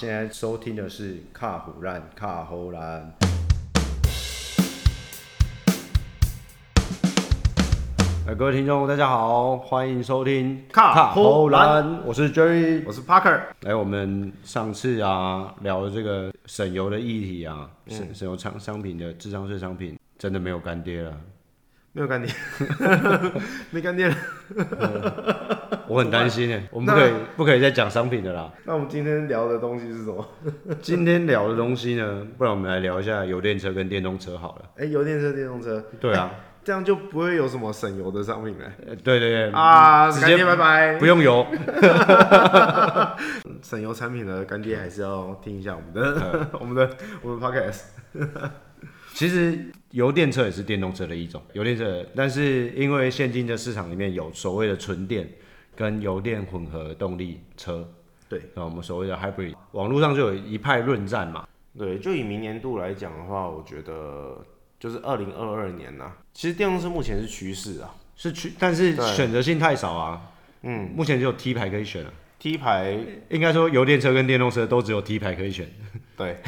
現在收聽的是卡虎蘭，卡胡蘭。各位聽眾，大家好，歡迎收聽卡胡蘭，我是 Jerry，我是 Parker。來、哎，我們上次啊聊了這個省油的議題啊，省、嗯、省油商商品的智商稅商品，真的沒有乾爹了。 沒有乾爹，沒乾爹，我很擔心哎，我們不可以不可以再講商品的啦？那我們今天聊的東西是什麼？ 今天聊的東西呢？不然我們來聊一下油電車跟電動車好了。哎、欸，油電車、電動車，對啊、欸，這樣就不會有什麼省油的商品嘞、欸。對對對啊，乾、嗯、爹拜拜，不用油， 省油產品的乾爹還是要聽一下我們的，嗯、 我們的，我們 Podcast。 其實油電車也是電動車的一種，油電車，但是因為現今的市場裡面有所謂的純電跟油電混合動力車，對，那我們所謂的 hybrid，網絡上就有一派論戰嘛。對，就以明年度來講的話，我覺得就是二零二二年啊。其實電動車目前是趨勢啊，是趨，但是選擇性太少啊，嗯，目前只有 T 牌可以選啊。T 牌，應該說油電車跟電動車都只有 T 牌可以選，對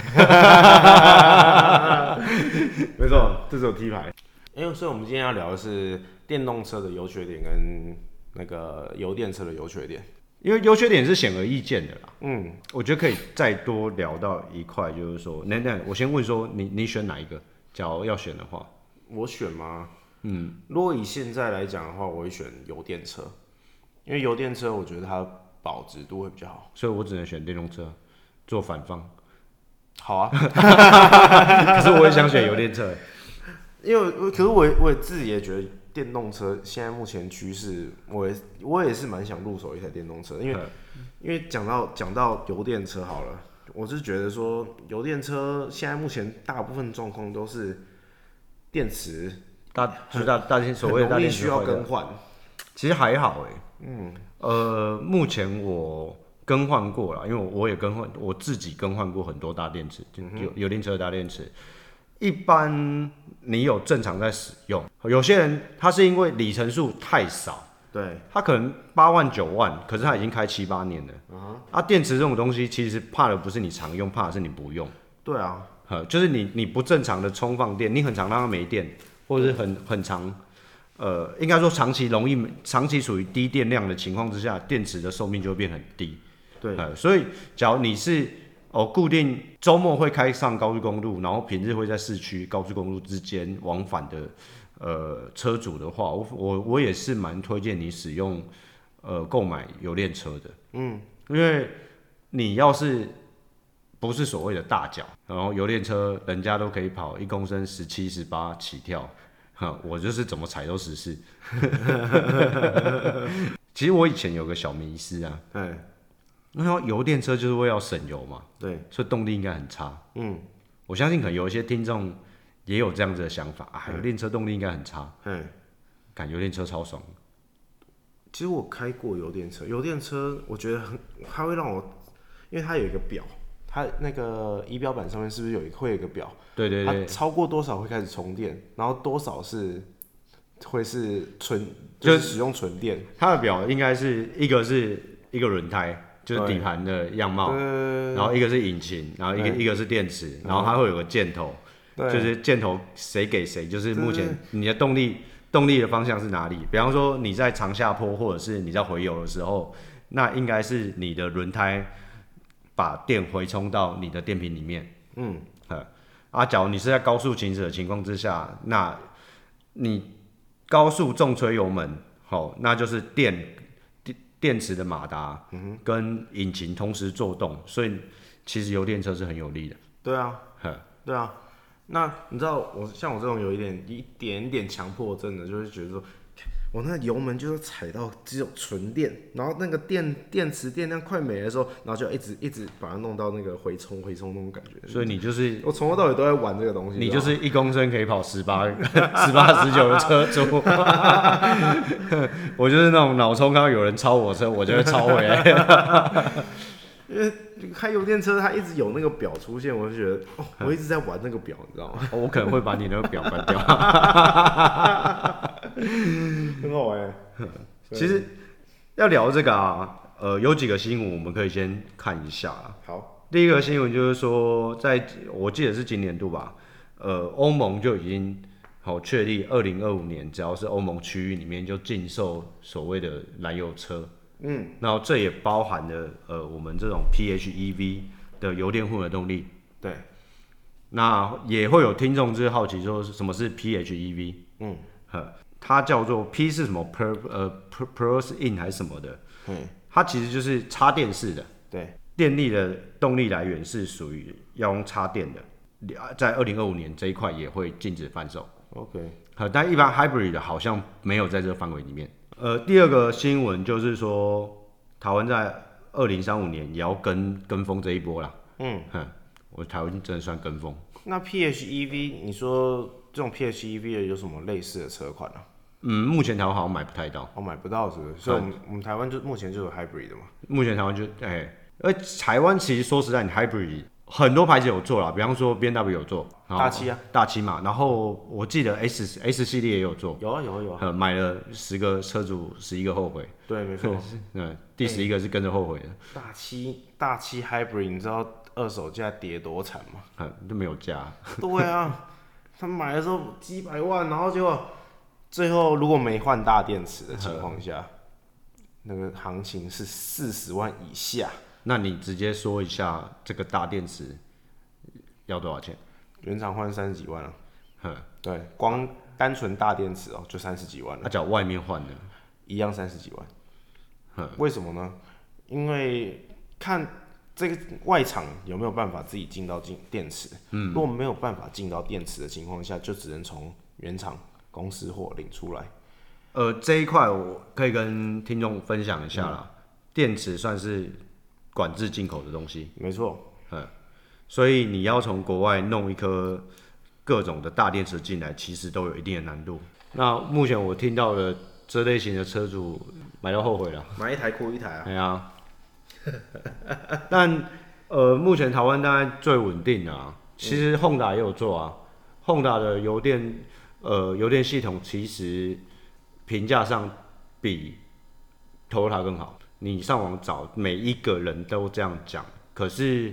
沒錯，對，沒錯，這只有 T 牌。哎、欸，所以我們今天要聊的是電動車的優缺點跟那個油電車的優缺點，因為優缺點是顯而易見的啦。嗯，我覺得可以再多聊到一塊，就是說，那那我先問說你，你你選哪一個？假如要選的話，我選嗎？嗯，如果以現在來講的話，我會選油電車，因為油電車我覺得它。保值度會比較好，所以我只能選電動車，做反方。好啊， 可是我也想選油電車，因為，可是我我也自己也覺得電動車現在目前趨勢，我也我也是蠻想入手一台電動車，因為因為講到講到油電車好了，我是覺得說油電車現在目前大部分狀況都是電池大大大大，所、就、謂、是、大、大電池需要更換。其實還好哎、欸，嗯，呃，目前我更換過了，因為我也更換，我自己更換過很多大電池，嗯、有有電車的大電池。一般你有正常在使用，有些人他是因為里程數太少，對，他可能八萬九萬，可是他已經開七八年了，嗯、啊，電池這種東西其實怕的不是你常用，怕的是你不用。對啊，就是你你不正常的充放電，你很常讓它沒電，或者是很、嗯、很常。呃，應該說長期容易長期處於低電量的情況之下，電池的壽命就會變很低。對，呃、所以假如你是哦、呃、固定周末會開上高速公路，然後平日會在市區高速公路之間往返的呃車主的話，我我我也是蠻推薦你使用呃購買油電車的。嗯，因為你要是不是所謂的大腳，然後油電車人家都可以跑一公升十七十八起跳。我就是怎麼踩都十四。其實我以前有個小迷思啊，那油電車就是為了省油嘛，對，所以動力應該很差。嗯，我相信可能有一些聽眾也有這樣子的想法、嗯、啊，油電車動力應該很差。感覺油電車超爽。其實我開過油電車，油電車我覺得很，它會讓我，因為它有一個表。它那個儀表板上面是不是有一個會有一個表？對對對。它超過多少會開始充電，然後多少是會是純、就是，就是使用純電。它的表應該是一個是一個輪胎，就是底盤的樣貌，然後一個是引擎，然後一個一個是電池，然後它會有個箭頭，就是箭頭誰給誰，就是目前你的動力動力的方向是哪裡。比方說你在長下坡或者是你在回油的時候，那應該是你的輪胎。把電回充到你的電瓶裡面，嗯，啊，假如，你是在高速行駛的情況之下，那你高速重吹油門，好、哦，那就是電電電池的馬達，跟引擎同時做動、嗯哼，所以其實油電車是很有利的，對啊，呵，對啊，那你知道我像我這種有一點一點點強迫症的，就是覺得說。我、喔、那油門就是踩到只有純電，然後那個電電池電量快沒的時候，然後就一直一直把它弄到那個回充回充那種感覺。所以你就是我從頭到尾都在玩這個東西。你就是一公升可以跑十八、十八、十九的車主。 我就是那種腦衝，剛剛有人超我車，我就會超回來。 因為開油電車，它一直有那個表出現，我就覺得哦、喔，我一直在玩那個表， 你知道嗎、喔？我可能會把你那個表搬掉。 很好玩，其實要聊這個啊，呃，有幾個新聞我們可以先看一下、啊。好，第一個新聞就是說，在我記得是今年度吧，呃，歐盟就已經好、哦、確立二零二五年只要是歐盟區域裡面就禁售，所謂的燃油車。嗯，然後這也包含了呃我們這種 PHEV 的油電混合動力。對，那也會有聽眾就是好奇說是什麼是 PHEV？嗯，它叫做 P 是什麼 per 呃 pros in 還是什麼的？它其實就是插電式的。對，電力的動力來源是屬於要用插電的，在二零二五年這一塊也會禁止販售。OK，好，但一般 hybrid 的好像沒有在這個範圍裡面。嗯。呃，第二個新聞就是說，台灣在二零三五年也要跟跟風這一波啦。嗯哼，我台灣真的算跟風。那 PHEV，你說？這種 P H E V 的有什麼類似的車款，啊、嗯，目前台灣好像買不太到。我買不到是不是？所以我們、嗯、我們台灣就目前就有 Hybrid 的嘛。目前台灣就哎，而、欸、台灣其實說實在，你 Hybrid 很多牌子有做啦。比方說 B M W 有做大七啊，大七嘛。然後我記得 S S, S 系列也有做，有啊有啊，有啊。啊、嗯。買了十個車主，十一個後悔。啊啊啊嗯、對，沒錯。嗯，第十一個是跟着後悔的。欸、大七大七 Hybrid，你知道二手價跌多慘嗎？嗯，都沒有價。對啊。 他買的時候幾百萬，然後結果最後如果沒換大電池的情況下，那個行情是四十萬以下。那你直接說一下這個大電池要多少錢？原廠換三十幾萬啊。哼，對，光單純大電池哦，喔，就三十幾萬了。他、啊、叫外面換的，一樣三十幾萬。哼，為什麼呢？因為看。這個外廠有沒有辦法自己進到進電池？嗯，如果沒有辦法進到電池的情況下，就只能從原廠公司貨領出來。呃，這一塊我可以跟聽眾分享一下啦、嗯。電池算是管制進口的東西，沒錯。嗯，所以你要從國外弄一顆各種的大電池進來，其實都有一定的難度。那目前我聽到的這類型的車主買到後悔了，買一台哭一台啊。 對啊。 但呃，目前台灣當然最穩定的、啊，其實 Honda 也有做啊。Hon、嗯、da 的油電呃油電系統其實評價上比 Toyota 更好。你上網找，每一個人都這樣講。可是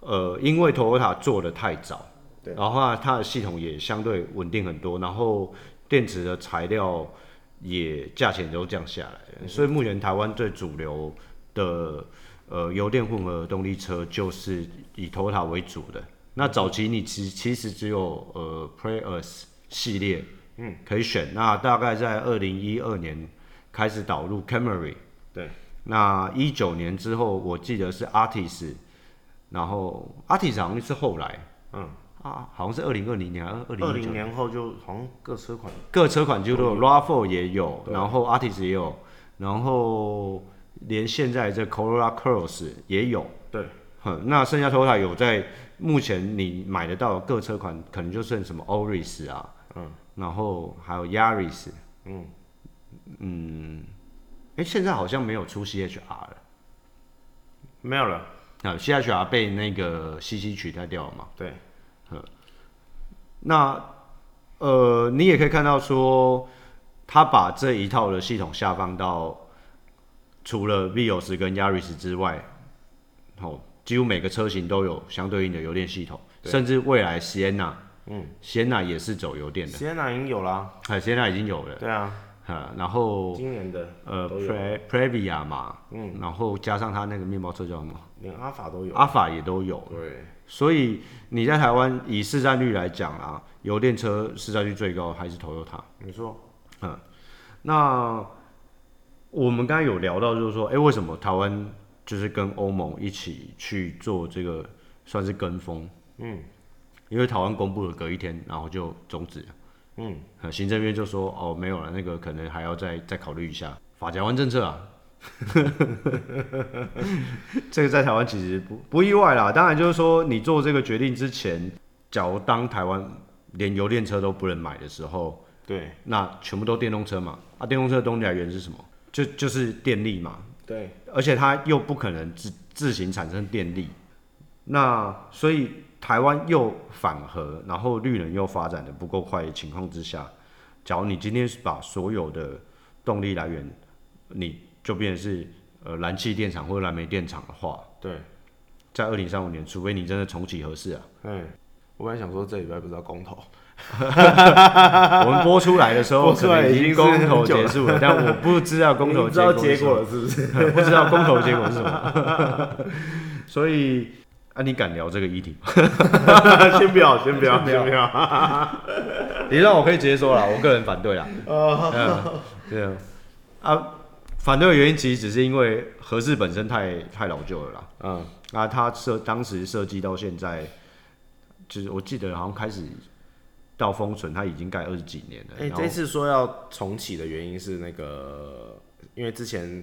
呃，因為 Toyota 做得太早，對，然後它，它的系統也相對穩定很多，然後電池的材料也價錢都降下來嗯嗯，所以目前台灣最主流的呃油電混合動力車就是以 Toyota 為主的。那早期你只其、其實只有呃 Prius 系列，嗯，可以選、嗯。那大概在二零一二年開始導入 Camry。對。那一九年之後，我記得是 Artist，然後 Artist 好像是後來，嗯啊，好像是二零二零年二零二零年後，就好像各車款各車款就都有、嗯、Rav4 也有，然後 Artist 也有，然後。連現在這 Corolla Cross 也有，對，哼，那剩下 Toyota 有在目前你買得到的各車款，可能就剩什麼 Auris 啊，嗯，然後還有 Yaris，嗯嗯，哎、欸，現在好像沒有出 CHR 了，沒有了，啊，CHR 被那個 CC 取代掉了嘛？對，哼，那呃，你也可以看到說，他把這一套的系統下放到。除了 Vios 跟 Yaris 之外，哦，幾乎每個車型都有相對應的油電系統，甚至未來 Sienna 嗯 Sienna 也是走油電的。Sienna 已經有了，啊、呃、Sienna 已經有了。對啊，嗯、然後今年的呃，Previa 嘛，嗯，然後加上它那個麵包車叫什麼？連阿法都有。阿法也都有。對，所以你在台灣以市佔率來講啊，油電車市佔率最高還是 Toyota？你說嗯，那。我們剛才有聊到，就是說，哎、欸，為什麼台灣就是跟歐盟一起去做這個算是跟風？嗯，因為台灣公布了隔一天，然後就終止了。嗯，行政院就說，哦，沒有了，那個可能還要再再考慮一下。髮夾彎政策啊， 這個在台灣其實不不意外啦。當然就是說，你做這個決定之前，假如當台灣連油電車都不能買的時候，對，那全部都電動車嘛。啊，電動車的動力來源是什麼？就就是電力嘛，對，而且它又不可能自自行產生電力。那所以台灣又反核，然後綠能又發展得不夠快的情況之下，假如你今天把所有的動力來源，你就變成是呃燃氣電廠或燃煤電廠的話，對，在二零三五年，除非你真的重啟核四啊，對，我本來想說這禮拜不知道公投。 我們播出來的時候，可能已經公投結束了，了但我不知道公投結結果是是不是？ 不知道公投結果是什麼？ 所以，啊，你敢聊這個議題， 先不要，先不要，先不要。不要 你讓我可以直接說了，我個人反對了。 啊，對啊，啊，反對的原因其實只是因為核四本身太太老舊了啦。嗯，啊，他設當時設計到現在，就是我記得好像開始。到封存，它已經蓋二十幾年了。哎、欸，這次說要重啟的原因是那個，因為之前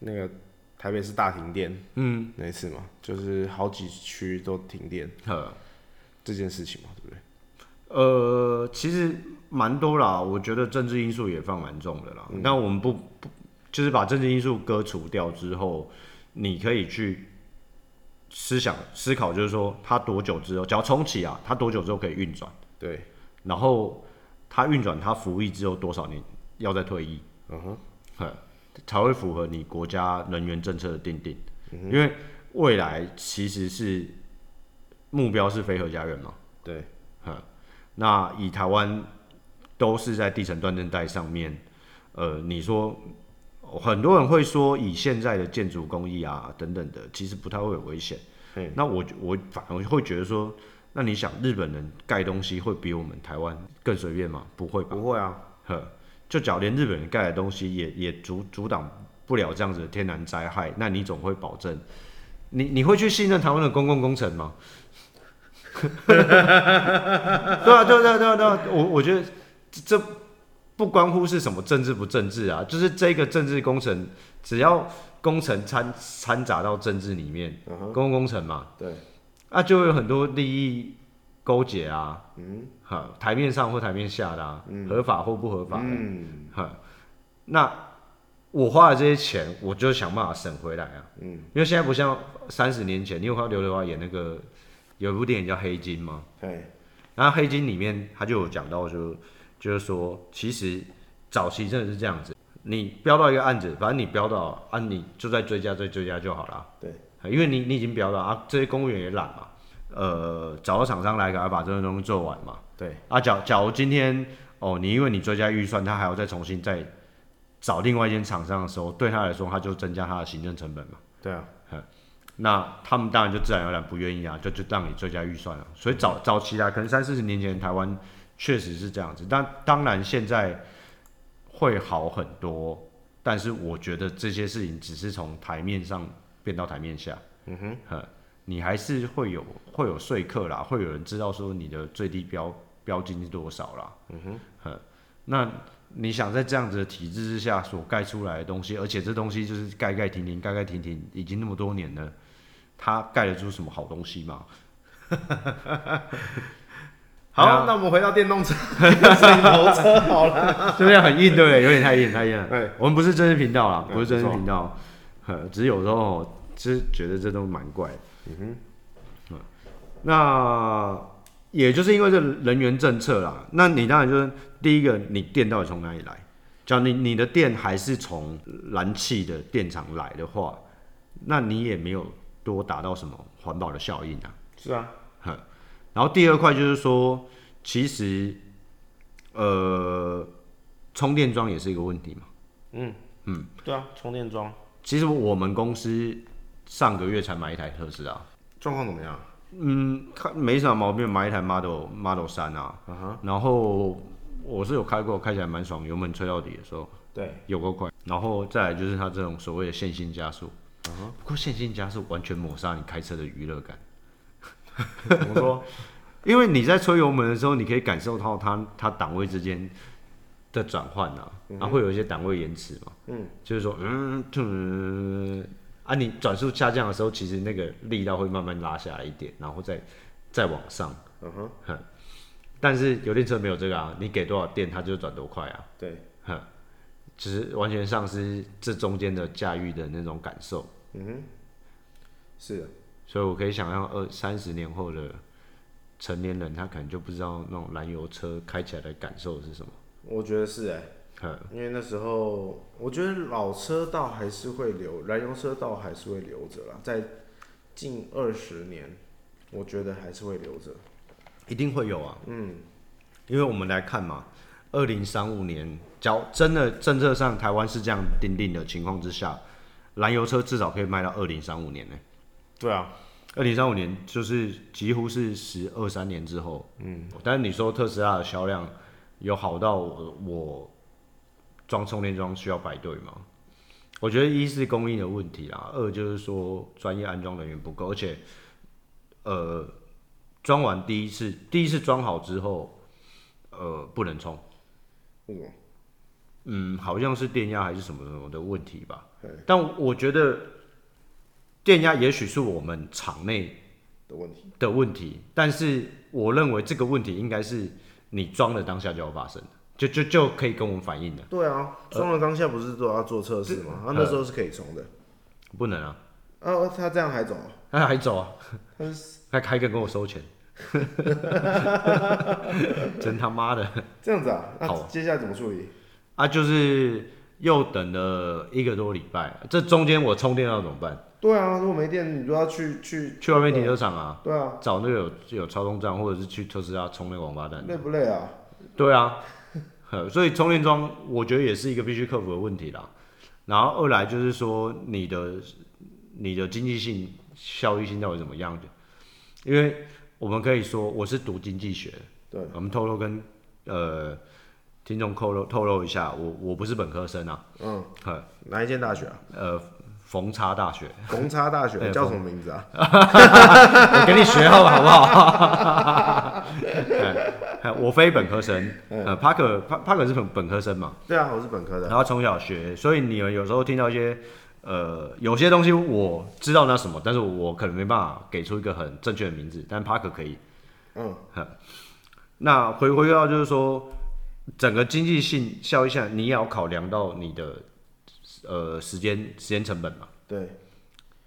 那個台北市大停電，嗯，那次嘛，就是好幾區都停電，這件事情嘛，對不對？呃，其實蠻多啦，我覺得政治因素也放蠻重的啦。那、嗯、我們不不，就是把政治因素割除掉之後，你可以去思想思考，就是說它多久之後只要重啟啊，它多久之後可以運轉？對。然後它運轉，它服役之後多少年要再退役？嗯哼，才會符合你國家能源政策的定定，嗯哼。因為未來其實是目標是非核家園嘛，對，那以台灣都是在地層斷層帶上面，呃，你說很多人會說以現在的建築工藝啊等等的，其實不太會有危險。嗯、那我我反而會覺得說。那你想日本人蓋東西會比我們台灣更隨便嗎？不會吧？不會啊，就假如連日本人蓋的東西也也阻擋不了這樣子的天然災害，那你總會保證你你會去信任台灣的公共工程嗎？ 對啊，對啊，對啊，對啊，我我覺得這不關乎是什麼政治不政治啊，就是這個政治工程，只要工程摻摻雜到政治裡面，公共工程嘛，uh-huh. 對。那、啊、就會有很多利益勾結啊，嗯，台面上或台面下的、啊嗯，合法或不合法的，嗯，那我花了這些錢，我就想辦法省回來啊，嗯，因為現在不像三十年前，你有看劉德華演那個有一部電影叫《黑金》嗎？對，然後《黑金》裡面他就有講到就是說其實早期真的是這樣子，你標到一個案子，反正你標到啊，你就再追加再追加就好了，對。因為你你已經表達啊，這些公務員也懶嘛，呃，找到廠商來給他把這份東西做完嘛，對啊，假如假如今天哦，你因為你追加預算，他還要再重新再找另外一間廠商的時候，對他來說，他就增加他的行政成本嘛，對啊，嗯，那他們當然就自然而然不願意啊，就就讓你追加預算了，啊，所以早早期啊，可能三四十年前台灣確實是這樣子，但當然現在會好很多，但是我覺得這些事情只是從台面上。變到台面下，嗯哼，你還是會有會有說客啦，會有人知道說你的最低標標金是多少啦，嗯哼，那你想在這樣子的體制之下所蓋出來的東西，而且這東西就是蓋蓋停停蓋蓋停停，已經那麼多年了，它蓋得出什麼好東西嗎？ 好，那我們回到電動車，頂 車好了，是這樣很硬，對不對？有點太硬，太硬。哎、欸，我們不是真實頻道啦，不是真實頻道。啊呵，只是有時候，其實覺得這都蠻怪的。嗯哼，那也就是因為這能源政策啦。那你當然就是第一個，你電到底從哪裡來？假如你你的電還是從燃氣的電廠來的話，那你也沒有多達到什麼環保的效應啊。是啊，呵。然後第二塊就是說，其實，呃，充電樁也是一個問題嘛。嗯嗯，對啊，充電樁。其實我們公司上個月才買一台特斯拉，狀況怎麼樣？嗯，看沒什麼毛病，買一台 Model Model 三啊，uh -huh. 然後我是有開過，開起來蠻爽，油門吹到底的時候，對，有夠快。然後再來就是它這種所謂的線性加速，uh -huh. 不過線性加速完全抹殺你開車的娛樂感。怎 麼說， 因為你在吹油門的時候，你可以感受到它它檔位之間。的轉換啊，然、嗯、後、啊、會有一些檔位延遲嘛，嗯，就是說，嗯，噗噗噗噗啊，你轉速下降的時候，其實那個力道會慢慢拉下來一點，然後再再往上，嗯哼，但是油電車沒有這個啊，你給多少電，它就轉多快啊，對、嗯，哼，其實完全喪失這中間的駕馭的那種感受，嗯哼，是的，所以我可以想象二三十年後的成年人，他可能就不知道那種燃油車開起來的感受是什麼。我覺得是哎、欸，因為那時候我覺得老車道還是會留，燃油車道還是會留着啦。在近二十年，我覺得還是會留着，一定會有啊。嗯，因為我們來看嘛，二零三五年，講真的，政策上台灣是這樣定定的情況之下，燃油車至少可以賣到二零三五年呢。對啊，二零三五年就是幾乎是十二三年之後。嗯，但是你說特斯拉的銷量？有好到、呃、我裝充電樁需要排隊嗎？我覺得一是供應的問題啦，二就是說專業安裝人員不夠，而且呃裝完第一次第一次裝好之後呃不能充、嗯。嗯，好像是電壓還是什麼什麼的問題吧。但我覺得電壓也許是我們場內的問題的問題，但是我認為這個問題應該是。你裝的當下就要發生就就就可以跟我們反映的。對啊，裝的當下不是都要做測試嗎？他、呃啊、那時候是可以充的、呃，不能啊。哦、啊，他這樣還走？他、啊、還走啊？他還開個跟，跟我收錢？真 他媽的！這樣子啊？好，接下來怎麼處理？啊，就是又等了一個多禮拜、啊，這中間我充電要怎麼辦？對啊，如果沒電，你就要去去，那個，去外面停車場啊，對啊，找那個有有超充站，或者是去特斯拉充那個王八蛋。累不累啊？對啊， 所以充電樁我覺得也是一個必須克服的問題啦。然後二來就是說你的你的經濟性、效益性到底怎麼樣？的，因為我們可以說我是讀經濟學，對，我們偷偷跟呃聽眾透露透露一下，我我不是本科生啊，嗯，呵，哪一間大學啊？呃。逢差大學，逢差大學、嗯、你叫什麼名字啊？我給你學號好不好？我非本科生，帕、嗯呃、Parker，Parker 是本本科生嘛？對啊，我是本科的。然後從小學，所以你們有，有時候聽到一些，呃，有些東西我知道那什麼，但是我可能沒辦法給出一個很正確的名字，但 Parker 可以。嗯、呃。那回回到就是說，整個經濟性效益下，你要考量到你的。呃，時間時間成本嘛。對，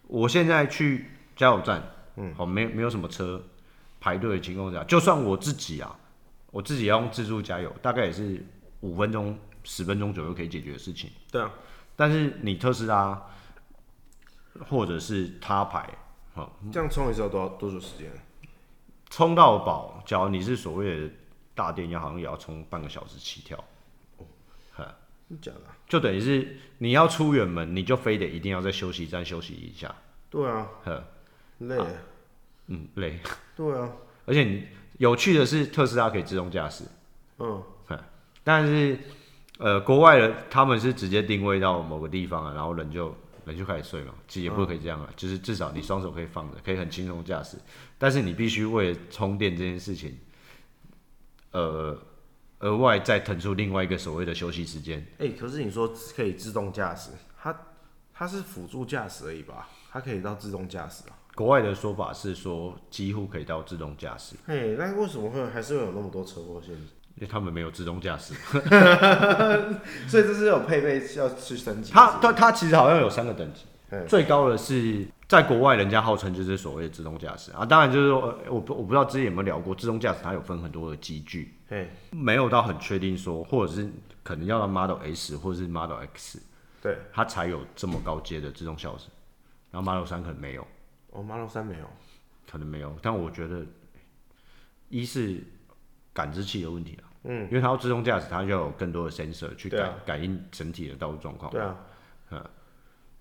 我現在去加油站，嗯，好、哦，沒沒有什麼車排隊的情況下，就算我自己啊，我自己要用自助加油，大概也是五分鐘十分鐘左右可以解決的事情。對啊，但是你特斯拉或者是他牌，你、嗯、這樣充一次要多多少時間？充到飽，假如你是所謂的大電壓，好像也要充半個小時起跳。就等於是你要出遠門，你就非得一定要在休息站休息一下。對啊，累啊，嗯，累。對啊，而且你有趣的是，特斯拉可以自動駕駛。嗯，但是呃，國外人他們是直接定位到某個地方啊，然後人就人就開始睡了，其實也不可以這樣啊，嗯，就是至少你雙手可以放着，可以很輕鬆駕駛，但是你必須為了充電這件事情，呃。額外再騰出另外一個所謂的休息時間。哎、欸，可是你說可以自動駕駛，它它是輔助駕駛而已吧？它可以到自動駕駛啊？國外的說法是說幾乎可以到自動駕駛。哎、欸，那為什麼會還是會有那麼多車禍？現、欸、在，因為他們沒有自動駕駛， 所以這是有配備要去升級。它它它其實好像有三個等級，嗯、最高的是在國外人家號稱就是所謂的自動駕駛啊。當然就是說我不我不知道之前有沒有聊過自動駕駛，它有分很多的級距。沒有到很確定說，或者是可能要到 Model S 或者是 Model X，對，它才有這麼高階的自動駕駛。然後 Model 3可能沒有。哦，Model 3沒有？可能沒有。但我覺得，一是感知器的問題、啊、嗯，因為它要自動駕駛，它就要有更多的 sensor 去感、啊、感應整體的道路狀況。對啊。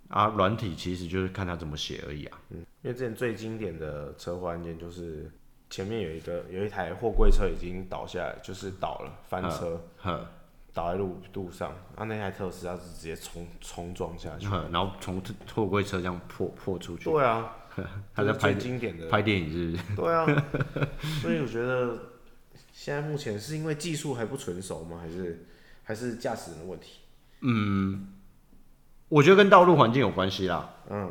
啊，軟體其實就是看它怎麼寫而已啊。嗯。因為之前最經典的車禍案件就是。前面有一個有一台貨櫃車已經倒下來，就是倒了翻車，倒在路路上，那那台特斯拉是直接衝衝撞下去，然後從貨櫃車這樣破破出去。對啊，他在拍、就是、經典的拍電影是不是？對啊， 所以我覺得現在目前是因為技術還不純熟嗎？還是還是駕駛人的問題？嗯，我覺得跟道路環境有關係啦。嗯，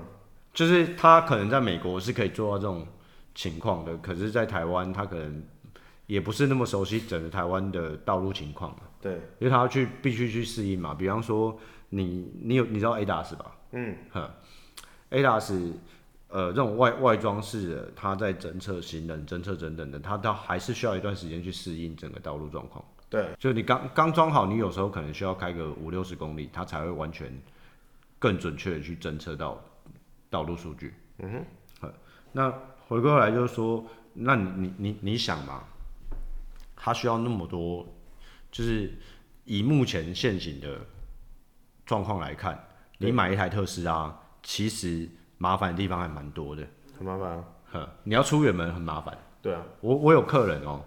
就是他可能在美國是可以做到這種。情況的，可是，在台灣，他可能也不是那麼熟悉整個台灣的道路情況嘛。對，因為他要去必須去適應嘛。比方說你，你你有你知道 ADAS 吧？嗯，哈，ADAS，呃，這種外外裝式的，它在偵測行人、偵測等等的，它倒還是需要一段時間去適應整個道路狀況。對，就你剛剛裝好，你有時候可能需要開個五六十公里，它才會完全更準確地去偵測到道路數據。嗯哼，那。回過來就是說，那你你你，你想嘛？他需要那麼多，就是以目前現行的狀況來看，你買一台特斯拉，其實麻煩的地方還蠻多的。很麻煩啊！呵，你要出遠門很麻煩。對啊，我我有客人哦、喔，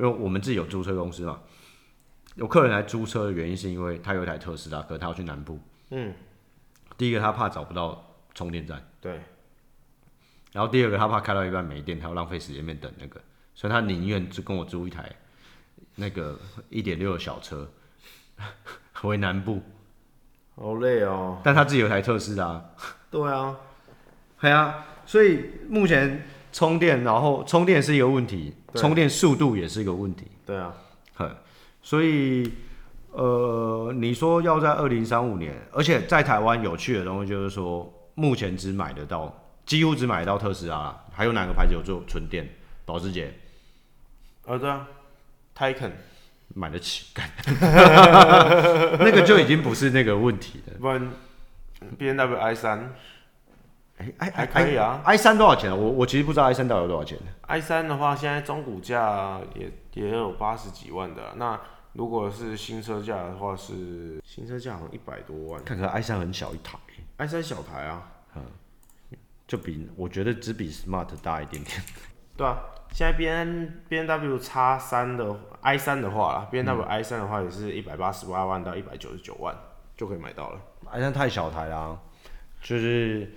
因為我們自己有租車公司嘛，有客人來租車的原因是因為他有一台特斯拉，可他要去南部。嗯，第一個他怕找不到充電站。對。然後第二個，他怕開到一半沒電，他要浪費時間在等那個，所以他寧願就跟我租一台那個一點六的小車回南部，好累哦。但他自己有台特斯拉啊。對啊， 對啊。所以目前充電，然後充電是一個問題，充電速度也是一個問題。對啊， 所以呃，你說要在二零三五年，而且在台灣有趣的東西就是說，目前只買得到。幾乎只買到特斯拉還有哪個牌子有做純電？保時捷？呃，對啊，泰肯、啊，買得起， 那個就已經不是那個問題了。不然 B M W I 三，哎、啊、哎可以啊，I 三多少錢、啊？我我其實不知道 I 三到底有多少錢。I 三的話，現在中古價也也有八十幾萬的、啊。那如果是新車價的話，是新車價好像一百多萬。看看 I 三很小一台，I 三小台啊，嗯就比我覺得只比 Smart 大一點點，對啊，現在 b n b n w 叉三的 i 三的話啦 b n w、嗯、i 三的話也是一百八十八萬到一百九十九萬就可以買到了，i 三太小台了、啊，就是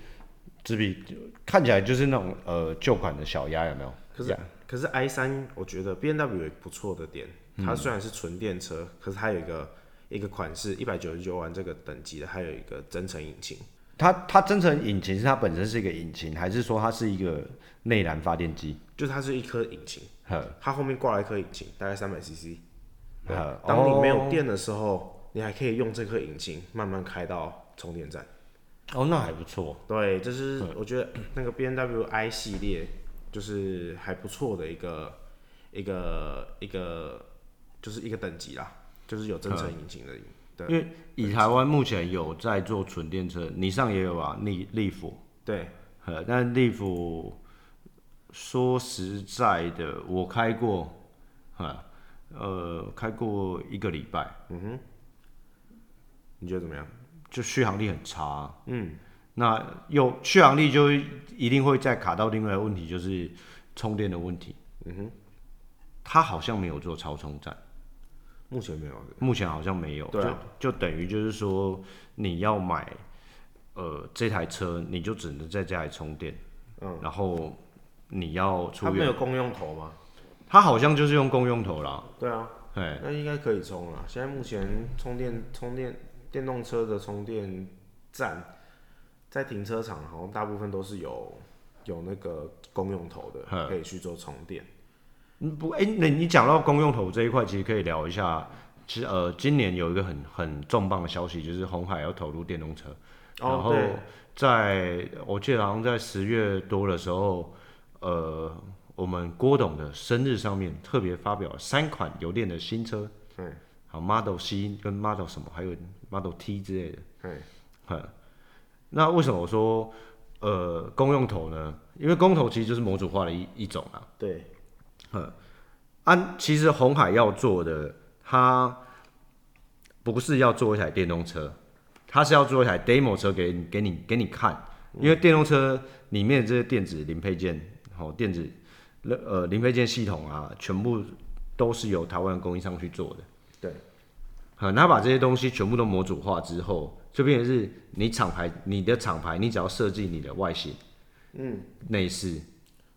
只比看起來就是那種呃舊款的小鴨有沒有？可是、yeah、可是 i 三我覺得 b n w 也不錯的點，它雖然是純電車、嗯，可是它有一個一個款式一百九十九萬這個等級的，還有一個增程引擎。它它增程引擎是它本身是一個引擎，還是說它是一個內燃發電機？就是它是一顆引擎，它後面掛了一顆引擎，大概三百 CC。當你沒有電的時候，哦、你還可以用這顆引擎慢慢開到充電站。哦，那還不錯。對，就是我覺得那個 BMW i 系列就是還不錯的一個一個一個，就是一個等級啦，就是有增程引擎的引擎。對，因為以台灣目前有在做純電車，尼桑也有啊，利利福，對，呃，但利福說實在的，我開過，呃，開過一個禮拜，嗯哼，你覺得怎麼樣？就續航力很差，嗯，那有續航力就一定會再卡到另外一個問題，就是充電的問題，嗯哼，他好像沒有做超充站。目前沒有，目前好像沒有，對啊、就就等於就是說，你要買呃這台車，你就只能在家裡充電，嗯，然後你要出，它沒有公用頭嗎？它好像就是用公用頭啦，對啊，哎，那應該可以充啦，現在目前充電充電電動車的充電站，在停車場好像大部分都是有有那個公用頭的，嗯、可以去做充電。不、欸，那你講到公用頭這一塊，其實可以聊一下。其實，呃，今年有一個很很重磅的消息，就是鴻海要投入電動車。Oh, 然後在，在我記得好像在十月多的時候，呃，我們郭董的生日上面特別發表了三款有電的新車。對、嗯。好，Model C 跟 Model 什麼，還有 Model T 之類的。對、嗯嗯。那為什麼我說呃公用頭呢？因為公用頭其實就是模組化的一一種啊。對。安、嗯啊，其實鴻海要做的，他不是要做一台電動車，他是要做一台 demo 車給你、給你、給你看，因為電動車裡面的這些電子零配件，好、哦，電子、呃，零配件系統啊，全部都是由台灣的供應商去做的。對，那、嗯、他把這些東西全部都模組化之後，就變成是你廠牌、你的廠牌，你只要設計你的外形、嗯、內飾。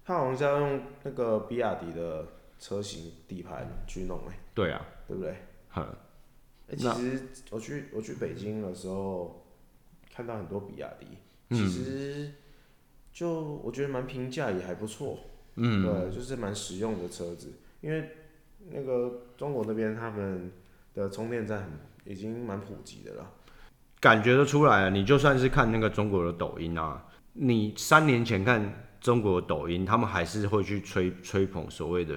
他好像是要用那個比亞迪的車型底盤去弄誒，對啊，對不對？好、欸，其實我去我去北京的時候，看到很多比亞迪，其實就我覺得蠻平價，也還不錯，嗯，對，就是蠻實用的車子。因為那個中國那邊他們的充電站很已經蠻普及的了，感覺得出來，你就算是看那個中國的抖音啊，你三年前看。中國抖音，他們還是會去吹吹捧所謂的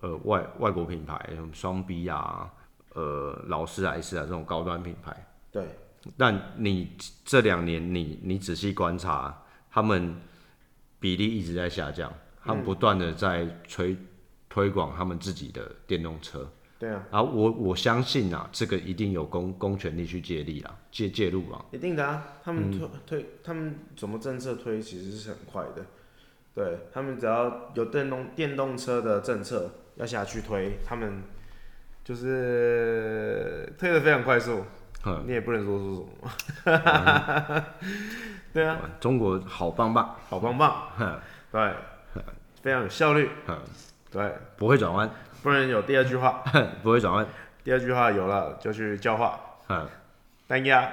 呃外外國品牌，雙 B 啊，呃勞斯萊斯啊這種高端品牌。對。但你這兩年你，你你仔細觀察，他們比例一直在下降，嗯、他們不斷的在吹推推廣他們自己的電動車。對啊。啊，我我相信啊，這個一定有公公權力去借力了，借介，介入了、啊。一定的啊，他們推、嗯、推他們怎麼政策推其實是很快的。對，他們只要有電動電動車的政策要下去推，他們就是推得非常快速。嗯、你也不能說是什麼。嗯、 對啊，中國好棒棒，好棒棒。嗯、對、嗯，非常有效率、嗯。對。不會轉彎，不能有第二句話。嗯、不會轉彎，第二句話有了就去教化。嗯，等一下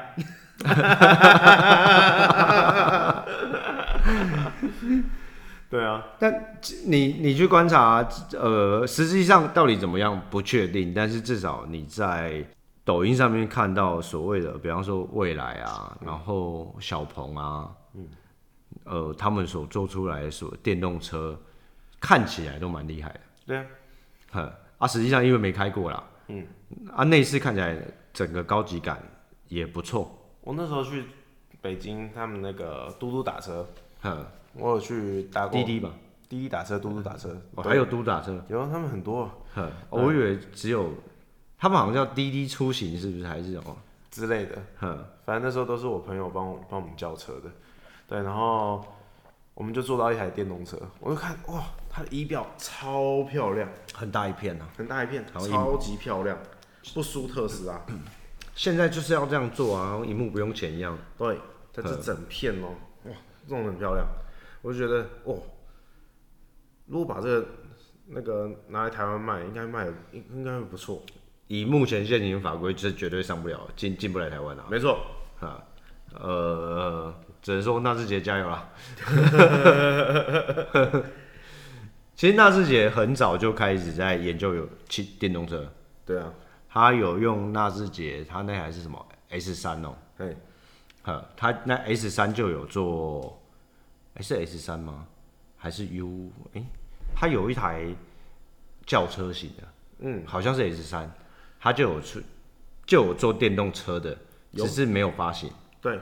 對啊，但你你去觀察，呃，實際上到底怎麼樣不確定，但是至少你在抖音上面看到所謂的，比方說蔚來啊，然後小鵬啊，嗯，呃，他們所做出來的所電動車看起來都蠻厲害的，對啊，啊，實際上因為沒開過啦，嗯，啊，內飾看起來整個高級感也不錯。我那時候去北京，他們那個嘟嘟打車，呵。我有去打過滴滴吧，滴滴打車、嘟、嗯、嘟打車，哦、還有嘟打車，有他們很多、啊嗯。我以為只有，他們好像叫滴滴出行，是不是還是什麼之類的？反正那時候都是我朋友幫我，幫我們叫車的。對，然後我們就坐到一台電動車，我就看哇，它的儀表超漂亮，很大一片啊，很大一片，超、超級漂亮，不輸特斯拉。現在就是要這樣做啊，然後螢幕不用錢一樣。對，它是整片哦、喔，哇，這種很漂亮。我覺得，哦，如果把這個那個拿來台灣賣，應該賣，應應該會不錯。以目前現行法規，這絕對上不了，進進不來台灣啊。沒錯，啊，呃，只能說納智捷加油啦。 其實納智捷很早就開始在研究有汽電動車。對啊，他有用納智捷，他那台是什麼 S 三哦？對、喔，他那 S 三就有做。欸、是 S 三嗎？還是 U？哎，欸，他有一台轎車型的，嗯，好像是 S 三，他就有出，就有做電動車的，只是沒有發行。對，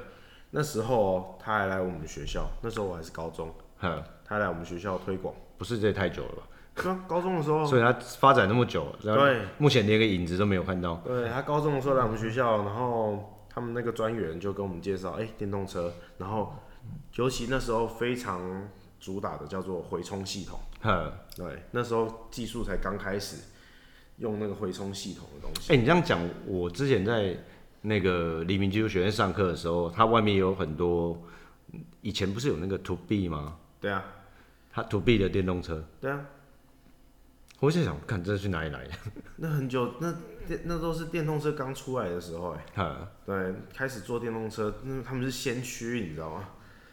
那時候他還來我們學校，那時候我還是高中，嗯、他還來我們學校推廣，不是這也太久了吧？高中的時候。所以它發展那麼久，對，目前連個影子都沒有看到。對，他高中的時候來我們學校，然後他們那個專員就跟我們介紹，哎，欸，電動車，然後。尤其那時候非常主打的叫做回充系統，哈，對，那時候技術才剛開始用那個回充系統的東西。哎、欸，你這樣講，我之前在那個黎明技術學院上課的時候，他外面有很多以前不是有那個 to B 嗎？對啊，他 to B 的電動車。對啊，我在想，看這去哪裡來的？那很久，那那都是電動車剛出來的時候、欸，哎，對，開始做電動車，那他們是先驅，你知道嗎？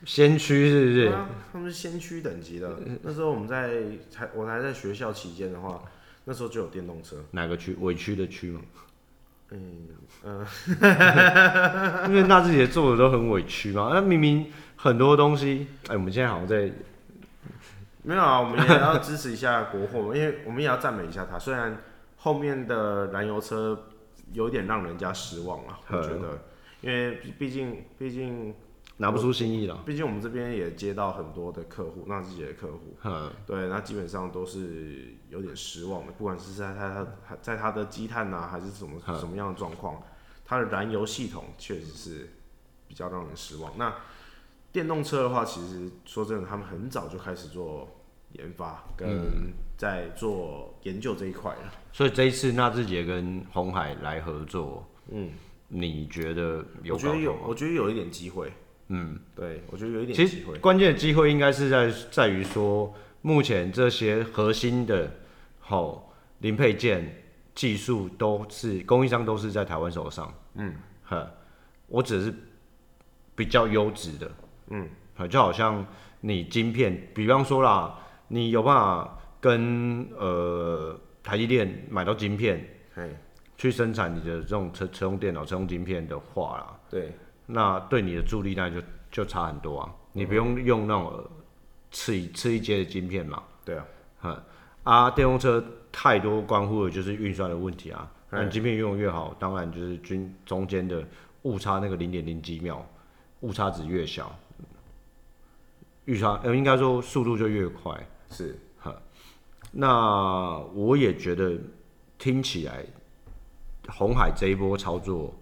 先驅是不是、啊？他們是先驅等級的。 那時候我們在才我還在學校期間的話，那時候就有電動車。哪個區？委屈的區嗎？嗯，嗯、呃 因為納智捷做的都很委屈嘛，那、啊、明明很多東西，哎、欸，我們現在好像在 沒有啊，我們也要支持一下國貨 因為我們也要讚美一下它，雖然後面的燃油車有點讓人家失望啊，嗯、我覺得，因為畢竟畢竟。拿不出新意了，畢竟我們這邊也接到很多的客戶，納智捷的客戶，對，那基本上都是有點失望的，不管是在他他在他的積碳啊，還是什麼什麼樣的狀況，它的燃油系統確實是比較讓人失望。那電動車的話，其實說真的，他們很早就開始做研發，跟在做研究這一塊了。嗯。所以這一次納智捷跟鴻海來合作，嗯，你覺得有嗎？我覺得有，我覺得有一點機會。嗯，對，我覺得有一點其實關鍵的機會應該是在在於說，目前這些核心的，好零配件技術都是供應商，都是在台灣手上。嗯，哈，我只是比較優質的。嗯，就好像你晶片，比方說啦，你有辦法跟呃台積電買到晶片嘿，去生產你的這種車車用電腦車用晶片的話啦，對。那對你的助力那就就差很多啊！你不用用那種次一、次一階的晶片嘛？對啊，啊，電動車太多關乎的就是運算的問題啊。嗯，但晶片用的越好，當然就是均中間的誤差那個零點零幾秒誤差值越小，嗯、誤差呃應該說速度就越快。是哈，那我也覺得聽起來紅海這一波操作。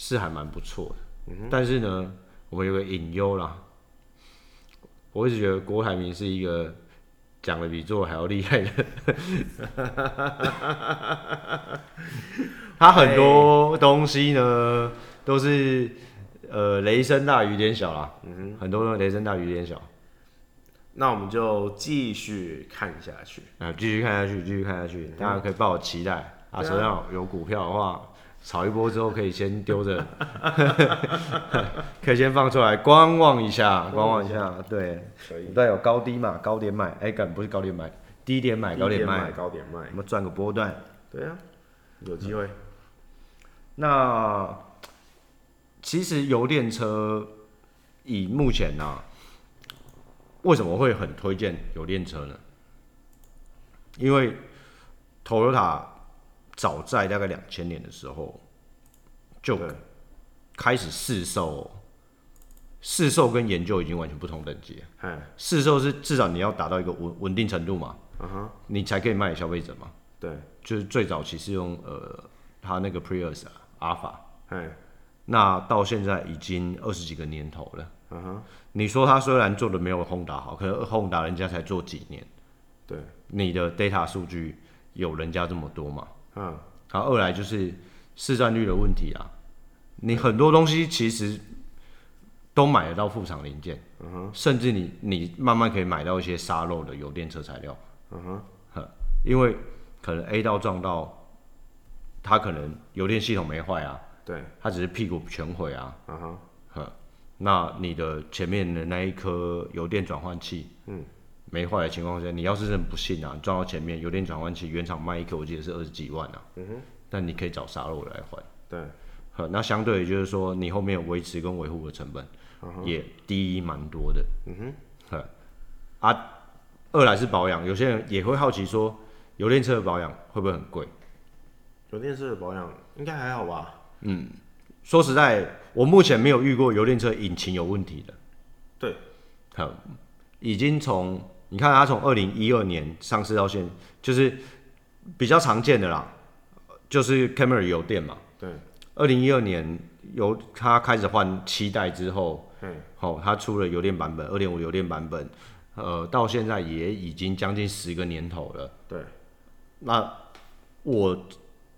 是還蠻不錯的、嗯，但是呢，嗯、我們有個隱憂啦。我一直覺得郭台銘是一個講的比做還要厲害的、嗯， 他很多東西呢、欸、都是呃雷聲大雨點小啦，嗯哼，很多雷聲大雨點小。那我們就繼續看下去，啊，繼續看下去，繼續看下去，嗯、大家可以抱有期待、嗯、啊。手上有股票的話。炒一波之後，可以先丟着，可以先放出來觀望一下，觀望一下，觀望一下對以，對，一旦有高低嘛，高點買，哎、欸，敢不是高點買，低點買，高點賣，高點賣，我們賺個波段，對啊，有機會。嗯、那其實油電車以目前呢、啊，為什麼會很推薦油電車呢？嗯、因為 Toyota 早在大概兩千年的時候，就開始試售，試售跟研究，已經完全不同等級了。哎，試售是至少你要達到一個穩穩定程度嘛，嗯哼，你才可以賣給消費者嘛。對，就是最早期是用呃他那個 Prius、啊、Alpha，、uh -huh. 那到現在已經二十幾個年頭了。嗯哼，你說他雖然做的沒有 Honda 好，可是 Honda 人家才做幾年，對，你的 data 數據有人家這麼多嘛？嗯，好，二來就是市占率的問題啊。你很多東西其實都買得到副廠零件，嗯哼，甚至你你慢慢可以買到一些殺肉的油電車材料，嗯哼，呵，因為可能 A 到撞到，它可能油電系統沒壞啊，對，它只是屁股全毀啊，嗯哼，呵，那你的前面的那一顆油電轉換器，嗯。沒壞的情況下，你要是很不幸啊，撞到前面油電轉換器，原廠賣一顆，我記得是二十幾萬啊。嗯哼。但你可以找殺肉來換。對。那相對就是說，你後面維持跟維護的成本、嗯、也低蠻多的。嗯哼。啊，二來是保養，有些人也會好奇說，油電車的保養會不會很貴？油電車的保養應該還好吧。嗯。說實在，我目前沒有遇過油電車引擎有問題的。對。好，已經從。你看它從二零一二年上市到現在，就是比較常見的啦，就是 Camry 油電嘛。對。二零一二年由它開始換七代之後，嗯，好、哦，它出了油電版本，二點五油電版本，呃，到現在也已經將近十個年頭了。對。那我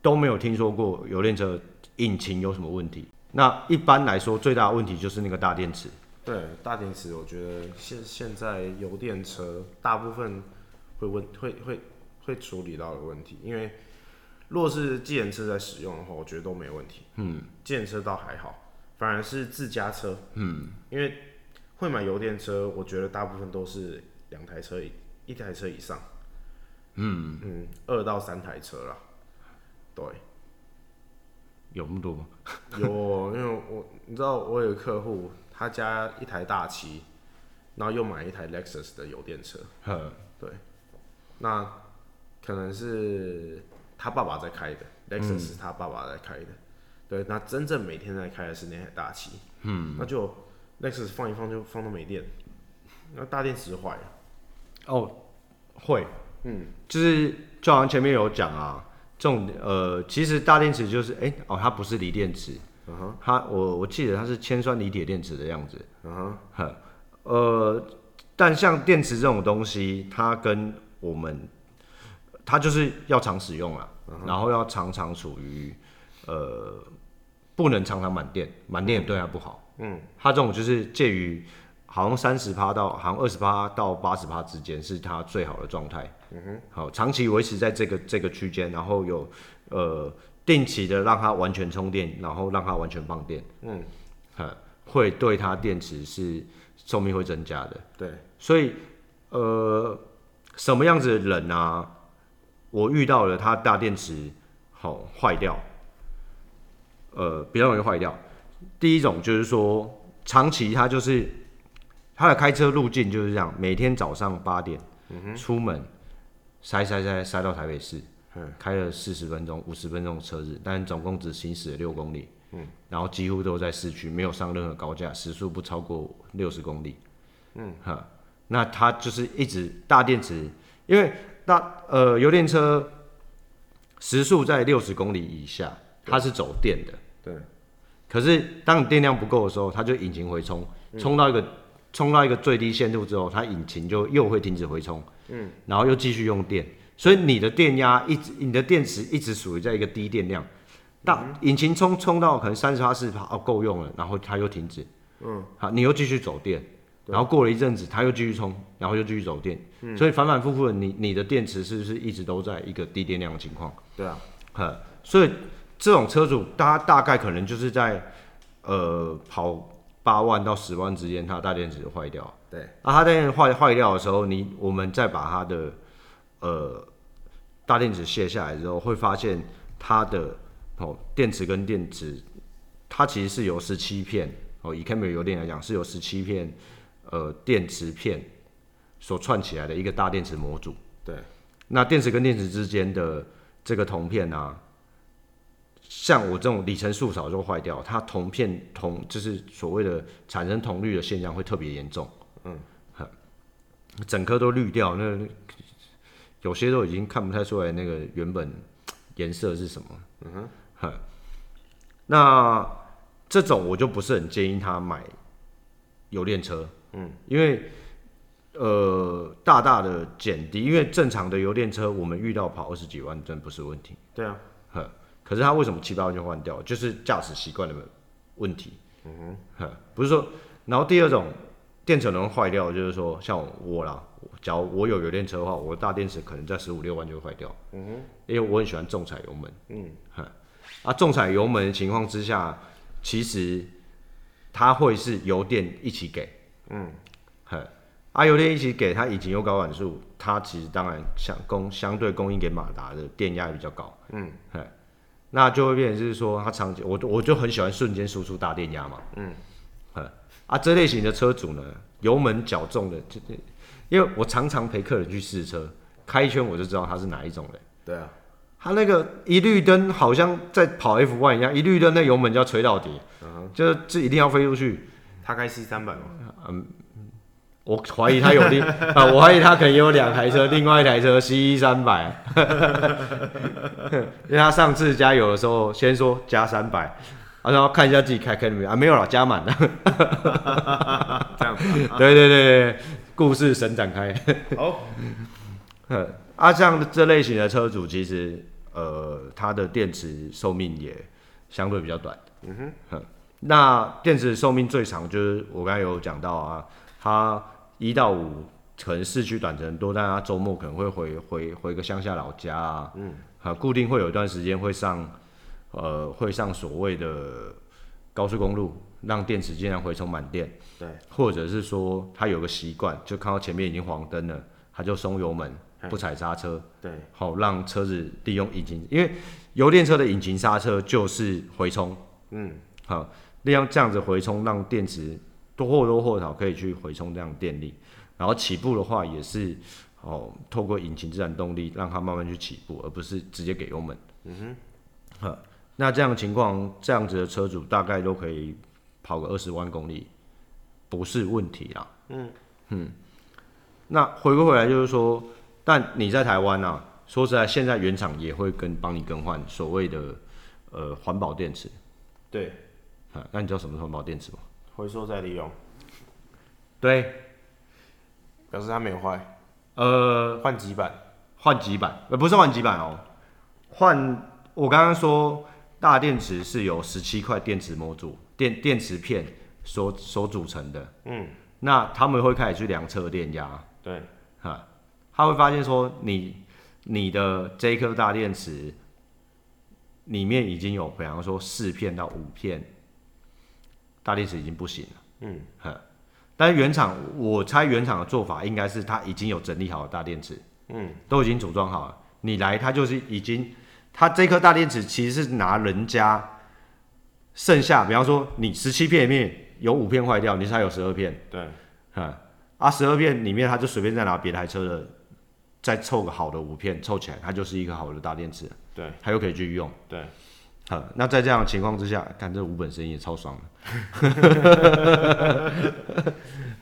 都沒有聽說過油電車引擎有什麼問題。那一般來說，最大的問題就是那個大電池。對，大電池，我覺得現現在油電車大部分會問會會會，會處理到的問題，因為若是計程車在使用的話，我覺得都沒問題。嗯，計程車倒還好，反而是自家車。嗯，因為會買油電車，我覺得大部分都是兩台車一台車以上。嗯嗯，二到三台車啦。對，有那麼多嗎？有，因為我你知道我有個客戶。他家一台大旗，然後又買一台 Lexus 的油電車。嗯，對。那可能是他爸爸在開的，嗯，Lexus 是他爸爸在開的。對，那真正每天在開的是那台大旗。嗯，那就 Lexus 放一放就放到沒電，那大電池壞了。哦，會。嗯，就是就好像前面有講啊，這種呃，其實大電池就是哎，哦，它不是鋰電池。嗯 Uh -huh. 它我我記得它是鉛酸鋰鐵電池的樣子，uh -huh.，呃，但像電池這種東西，它跟我們，它就是要常使用啊，uh -huh. 然後要常常處於呃不能常常滿電，滿電也對它不好。嗯、uh -huh.，它這種就是介於好像三十趴到好像二十趴到八十趴之間，是它最好的狀態。嗯哼，好，長期維持在這個這個區間，然後有呃。定期的讓它完全充電，然後讓它完全放電，嗯，會對它電池是壽命會增加的。對，所以呃，什麼樣子的人啊？我遇到了它大電池好、哦、壞掉，呃，比較容易壞掉。第一種就是說，長期它就是它的開車路徑就是這樣，每天早上八點出門，嗯、哼，塞塞塞塞，塞到台北市。開了四十分鐘、五十分鐘的車子，但總共只行駛了六公里。嗯，然後幾乎都在市區，沒有上任何高架，時速不超過六十公里。嗯，哈，那它就是一直大電池，因為大呃油電車時速在六十公里以下，它是走電的。對。對。可是當你電量不夠的時候，它就引擎回充，充到一個，嗯，充到一個最低限度之後，它引擎就又會停止回充。嗯，然後又繼續用電。所以你的電壓一直，你的電池一直屬於在一個低電量，當引擎充充到，可能三十趴四趴哦，夠用了，然後它又停止，嗯，好，你又繼續走電，然後過了一陣子它又繼續充，然後又繼續走電，嗯，所以反反复复的，你你的電池是不是一直都在一個低電量的情況？對啊，嗯，所以這種車主，他大概可能就是在呃跑八萬到十萬之間，它大電池壞掉，對，啊，它大電池壞壞掉的時候，你我們再把它的呃。大電池卸下來之後，會發現它的哦，電池跟電池，它其實是有十七片哦，以 Camry 油電來講是有十七片呃電池片所串起來的一個大電池模組。對，那電池跟電池之間的這個銅片啊，像我這種里程數少就壞掉，它銅片銅就是所謂的產生銅綠的現象會特別嚴重。嗯，整顆都綠掉那。有些都已經看不太出來那個原本顏色是什麼？嗯哼，呵，那這種我就不是很建議他買油電車。嗯，因為呃，大大的減低，因為正常的油電車我們遇到跑二十幾萬真不是問題。對啊，呵，可是他為什麼七八萬就換掉？就是駕駛習慣的問題。嗯哼，呵，不是說。然後第二種。電車能壞掉，就是說像我啦，假如我有油電車的話，我的大電池可能在十五六萬就會壞掉。嗯哼。因為我很喜歡重踩油門。嗯哼。啊，重踩油門的情況之下，其實它會是油電一起給。嗯哼。啊，油電一起給，它已經有高管數，它其實當然相供相對供應給馬達的電壓比較高。嗯哼。那就會變成是說它長期，我我就很喜歡瞬間輸出大電壓嘛。嗯。啊，這類型的車主呢，油門較重的，這，因為我常常陪客人去試車，開一圈我就知道他是哪一種的。對啊，他那個一綠燈好像在跑 F1 一樣，一綠燈那油門就要催到底，嗯、就是一定要飛出去。他開 C 三百嗎？嗯，我懷疑他有另 啊，我懷疑他可能有兩台車， 另外一台車 C 三百， 因為他上次加油的時候先說加三百。啊、然後看一下自己開開沒啊？沒有了，加滿了。 對對對，故事神展開。好、 Oh.。啊，像這類型的車主，其實呃，他的電池壽命也相對比較短。Mm -hmm. 嗯哼。那電池壽命最長就是我剛才有講到啊，他一到五可能市區短程多，但他周末可能會回回回個鄉下老家啊。嗯、mm -hmm.。啊，固定會有一段時間會上。呃，會上所謂的高速公路，讓電池盡量回充滿電。對，或者是說，他有個習慣，就看到前面已經黃燈了，他就鬆油門，不踩剎車。對，好、哦，讓車子利用引擎，因為油電車的引擎剎車就是回充，嗯，好、嗯，利用這樣子回充讓電池多或多或少可以去回充這樣電力。然後起步的話，也是哦，透過引擎自然動力，讓它慢慢去起步，而不是直接給油門。嗯哼，嗯那這樣的情況，這樣子的車主大概都可以跑個二十萬公里，不是問題啊。嗯，嗯。那回歸回來就是說，但你在台灣啊，說實在，現在原廠也會跟幫你更換所謂的呃環保電池。對。啊，那你知道什麼是環保電池嗎？回收再利用。對。表示它沒有壞。呃，換幾板？換幾板？呃，不是換幾板哦、喔，換我剛剛說。大電池是由十七塊電池模組、電電池片所所組成的。嗯，那他們會開始去量測電壓，對，哈，他會發現說，你，你你的這一顆大電池裡面已經有，比方說四片到五片大電池已經不行了。嗯，哈，但是原廠，我猜原廠的做法應該是，他已經有整理好的大電池，嗯，都已經組裝好了，你來，他就是已經。它這顆大電池其實是拿人家剩下，比方說你十七片裡面有五片壞掉，你才有十二片。對，啊，十二片裡面他就隨便再拿別台車的，再湊個好的五片湊起來，它就是一個好的大電池。對，它又可以去用。對，好，啊，那在這樣的情況之下，看這五本身也超爽了對。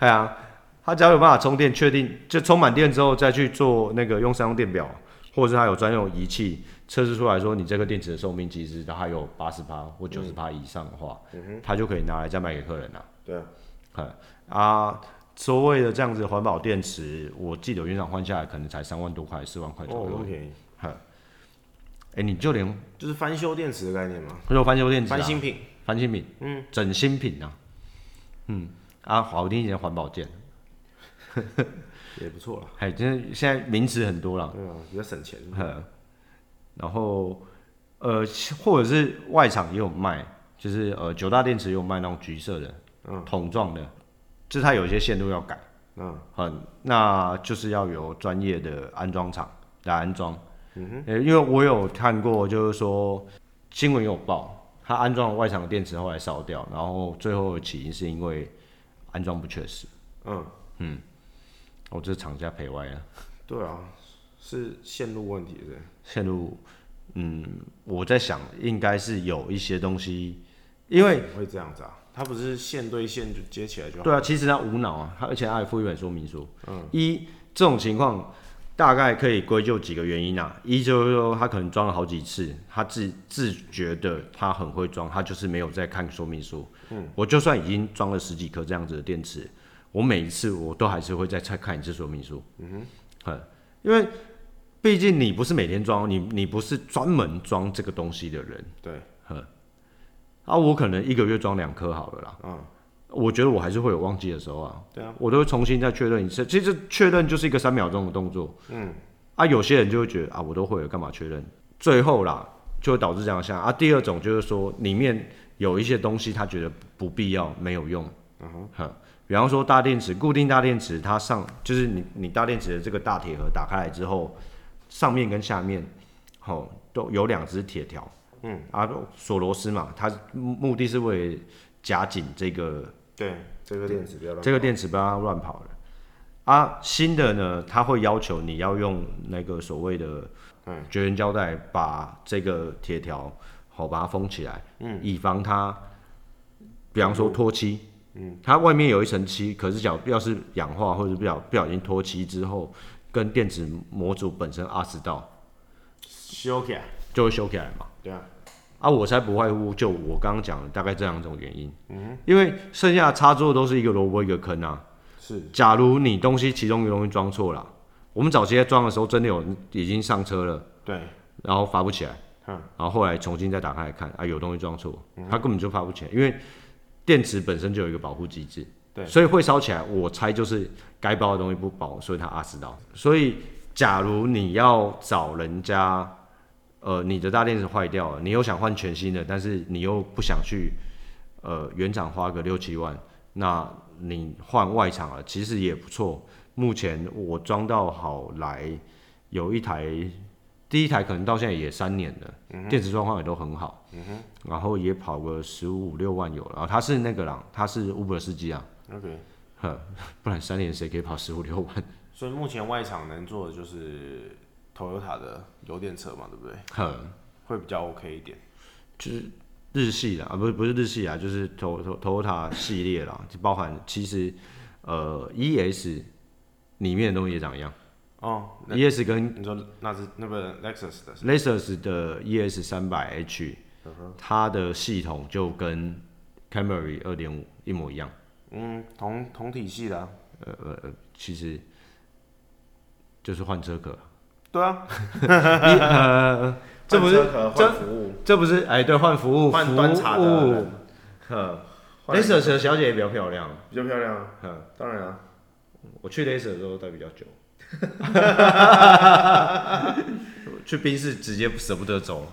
啊，他只要有辦法充電，確定就充滿電之後再去做那個用三用電表，或者是他有專用儀器，測試出來說，你這個電池的壽命其實它還有八十帕或九十帕以上的話，嗯嗯，它就可以拿來再賣給客人了。對，啊，所謂的這樣子的環保電池，我記得原廠換下來可能才三萬多塊、四萬塊左右，哈、哦，哎、okay 欸，你就連就是翻修電池的概念嗎？翻修電池、啊，翻新品，翻新品，嗯，整新品啊。嗯，啊，好聽一點，環保件， 也不錯啦。哎，真現在名詞很多了，對、嗯、比較省錢是然後，呃，或者是外廠也有賣，就是呃，九大電池也有賣那種橘色的、嗯、桶狀的，就是它有些線路要改，嗯，很、嗯，那就是要有專業的安裝廠來安裝。嗯哼，因為我有看過，就是說新聞有報，它安裝了外廠的電池後來燒掉，然後最後的起因是因為安裝不確實。嗯嗯，我這廠家賠外了，對啊。是線路問題，是是，是線路，嗯，我在想應該是有一些東西，因為、嗯、會這樣子啊，它不是線對線就接起來就對啊，其實他無腦啊，它，而且它還附一本說明書，嗯，一這種情況大概可以歸咎幾個原因啊，一就是說，他可能裝了好幾次，他自自覺的他很會裝，他就是沒有在看說明書。嗯，我就算已經裝了十幾顆這樣子的電池，我每一次我都還是會再再看一次說明書。嗯哼，嗯，因為。畢竟你不是每天裝，你你不是專門裝這個東西的人，對，呵，啊，我可能一個月裝兩顆好了啦，嗯，我覺得我還是會有忘記的時候啊，對啊，我都會重新再確認一次，其實確認就是一個三秒鐘的動作，嗯，啊，有些人就會覺得啊，我都會有，幹嘛確認？最後啦，就會導致這樣想啊。第二種就是說，裡面有一些東西他覺得不必要，沒有用，嗯哼，比方說大電池，固定大電池，它上就是你你大電池的這個大鐵盒打開來之後。上面跟下面，好、哦、都有兩只鐵條，嗯啊鎖螺絲嘛，它目的是為夾緊這個，對這個電池不要這個電池不要亂跑,、這個要跑嗯、啊新的呢，它會要求你要用那個所謂的絕緣膠帶把這個鐵條好把它封起來，嗯以防它比方說脫漆，嗯,嗯它外面有一層漆，可是較要是氧化或者是不小心脫漆之後。.跟電池模組本身二十道修起來就會修起來嘛，嗯。對啊，啊，我才不外乎就我剛剛講的大概這樣一種原因。嗯，因為剩下的插座都是一個蘿蔔一個坑啊。是，假如你東西其中一個東西裝錯了，我們早期在裝的時候真的有已經上車了，對，然後發不起來，嗯，然後後來重新再打開來看，啊，有東西裝錯，他根本就發不起來，因為電池本身就有一個保護機制。對所以會燒起來，我猜就是該保的東西不保，所以它阿死刀。所以，假如你要找人家，呃，你的大電池壞掉了，你又想換全新的，但是你又不想去，呃，原廠花個六七萬，那你換外廠啊，其實也不錯。目前我裝到好來有一台，第一台可能到現在也三年了，嗯、電池狀況也都很好、嗯，然後也跑個十五六萬有了。然後他是那個人，他是 Uber 司機啊。OK，呵，不然三年誰可以跑十五六萬？所以目前外廠能做的就是 Toyota 的油電車嘛，對不對？呵，會比較 OK 一點，就是日系的啊，不是不是日系啊，就是 Toyota 系列啦，就包含其實呃 ES 裡面的東西也長一樣哦，ES 跟你說那是那個 Lexus 的？Lexus 的 ES 三百 H，它的系統就跟 Camry 二點五一模一樣。嗯，同同體系的、啊，呃呃其實就是換車殼。對啊， 呃、這不是換服務，這，這不是哎，對，換服務，換端茶的服務。嗯 l a s 小姐也比較漂亮，比較漂亮。嗯，當然啊，我去 l a 的時候待比較久， 去賓士直接捨不得走。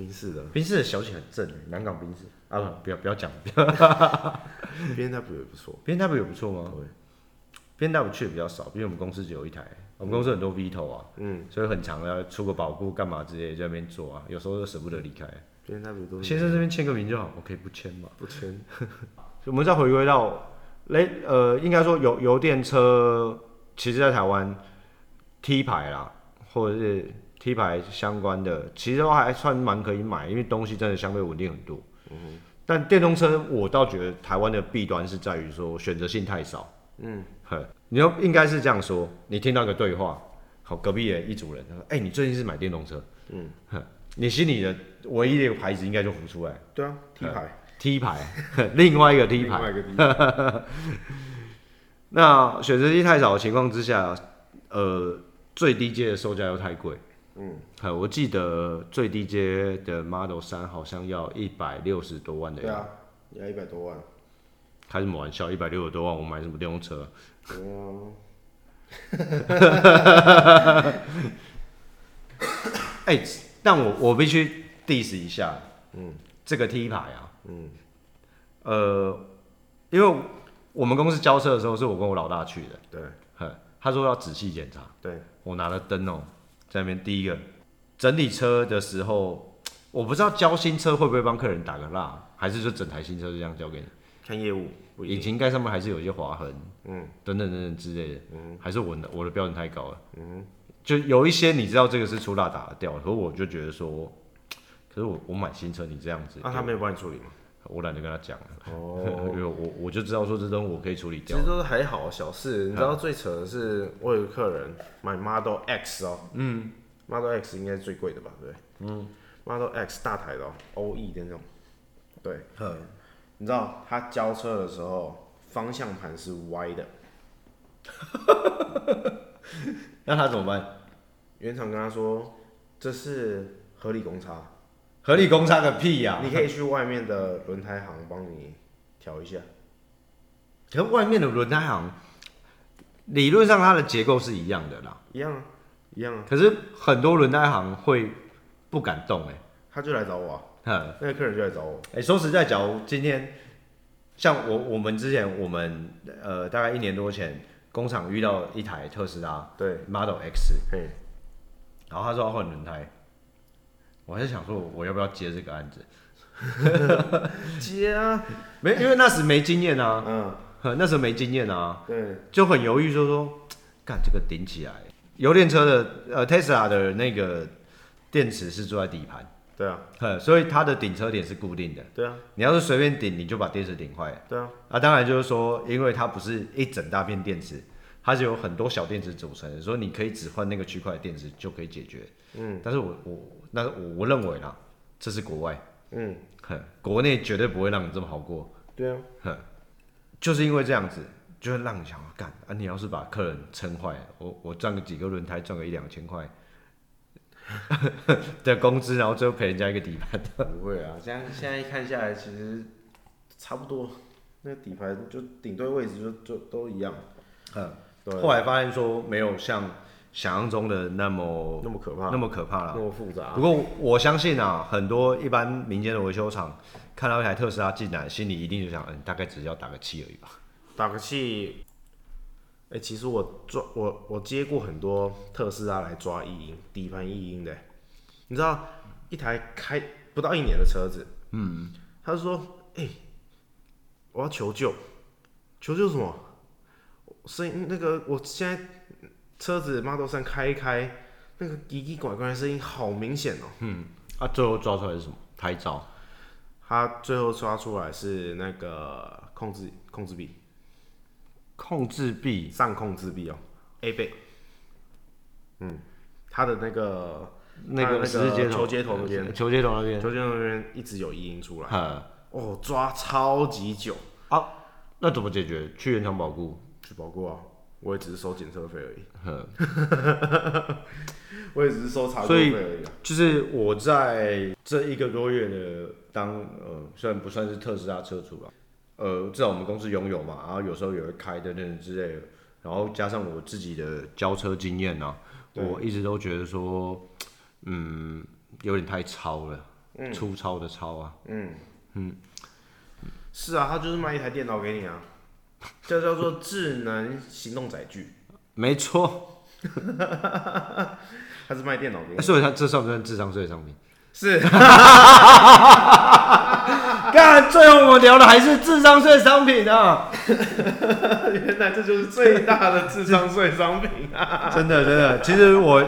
冰室的冰室的小姐很正，南港冰室啊不、嗯、不要不要講，B MW 也不錯，BMW 也不錯嗎？對，BMW 去的比較少，因為我們公司只有一台，我們公司很多 Vito 啊，嗯，所以很常要出個保固幹嘛之類在那邊坐啊，有時候都捨不得離開。BMW 多，先生這邊簽個名就好，我可以不簽嘛？不簽。 我們再回歸到雷呃，應該說油油電車，其實，在台灣 T 牌啦，或者是、嗯。T 牌相關的，其實都還算蠻可以買，因為東西真的相對穩定很多。嗯。但電動車，我倒覺得台灣的弊端是在於說選擇性太少。嗯。你要應該是這樣說，你聽到一個對話，好，隔壁的一組人，他說：“哎，你最近是買電動車？”嗯。你心裡的唯一的牌子應該就浮出來。對啊，T 牌。T 牌。T 牌。另外一個 T 牌。另外一個 T 牌。那選擇性太少的情況之下，呃，最低階的售價又太貴。嗯，我記得最低階的 Model 三好像要一百六十多萬的。對啊，要一百多萬，開什麼玩笑？一百六十多萬，我買什麼電動車？哎、嗯 欸，但我我必須 diss 一下，嗯，這個 T 牌啊，嗯，呃，因為我們公司交車的時候是我跟我老大去的，對，他說要仔細檢查，對我拿了燈哦。在那邊第一個整理車的時候，我不知道交新車會不會幫客人打個蠟，還是說整台新車就這樣交給你？看業務，引擎蓋上面還是有一些劃痕，嗯，等等等等之類的，嗯，還是我的我的標準太高了，嗯，就有一些你知道這個是出蠟打得掉，所以我就覺得說，可是我我買新車你這樣子，那、啊、他沒有幫你處理嗎？我懶得跟他講、oh. 我我就知道說這東西我可以處理掉，其實都還好，小事。你知道最扯的是，我有個客人買 Model X 哦，嗯，Model X 應該是最貴的吧，對嗯，Model X 大台的，哦，OE 的那種，對，嗯、你知道他交車的時候方向盤是歪的， 那他怎麼辦？原廠跟他說這是合理公差。合理公差個屁呀，啊！你可以去外面的輪胎行幫你調一下。可外面的輪胎行，理論上它的結構是一樣的啦。一樣啊，一樣啊。可是很多輪胎行會不敢動哎、欸。他就來找我、啊。嗯。那個客人就來找我。哎、欸，說實在，假如今天像我我們之前我們呃大概一年多前工廠遇到一台特斯拉，對，Model X，嘿，然後他說要換輪胎。我還在想說，我要不要接這個案子？接啊，沒，因為那時沒經驗啊。嗯，那時候沒經驗啊。對、嗯，就很猶豫，說說，幹這個頂起來。油電車的，呃，Tesla 的那個電池是坐在底盤。對啊，所以它的頂車點是固定的。對啊，你要是隨便頂，你就把電池頂壞了。對啊，啊，當然就是說，因為它不是一整大片電池。它是有很多小電池組成的，所以你可以只換那個區塊電池就可以解決。嗯，但是我我，但是我我認為啦，這是國外，嗯，哼，國內絕對不會讓你這麼好過。對啊，哼，就是因為這樣子，就會讓你想要幹啊！你要是把客人撐壞了，我我賺個幾個輪胎個，賺個一兩千塊的工資，然後最後賠人家一個底盤。不會啊，這樣現在現在一看下來，其實差不多，那個底盤就頂對位置就就都一樣。嗯。對，後來發現說沒有像想象中的那麼、嗯、那麼可怕，那麼可怕了，那麼複雜。不過我相信啊，很多一般民間的維修廠看到一台特斯拉進來，心裡一定就想，嗯，大概只是要打個氣而已吧。打個氣，哎、欸，其實我抓我我接過很多特斯拉來抓異音，底盤異音的。你知道一台開不到一年的車子，嗯，他就說，哎、欸，我要求救，求救什麼？所以那個，我現在車子 Model 3開一開，那個滴滴拐拐的聲音好明顯哦、喔。嗯，啊，最後抓出來是什麼？胎噪。他最後抓出來是那個控制控制臂，控制臂上控制臂哦、喔、A 臂。嗯，他的那個的那個球接頭那邊，球接頭那邊，球接頭那邊一直有異音出來。哦，抓超級久啊！那怎麼解決？去原廠保固。包括啊，我也只是收檢測費而已。 我也只是收查車費而已、啊。就是我在這一個多月的當呃，雖然不算是特斯拉車主吧，呃，至少我們公司擁有嘛，然後有時候也會開等等之類的。然後加上我自己的交車經驗呢、啊，我一直都覺得說，嗯，有點太糙了，嗯、粗糙的糙啊。嗯嗯，是啊，他就是賣一台電腦給你啊。就叫做智能行動載具，沒錯。他 是賣電腦的、欸，所以這算不算智商稅商品？是。幹， 最後我們聊的還是智商稅商品啊！ 原來這就是最大的智商稅商品啊！ 真的，真的，其實我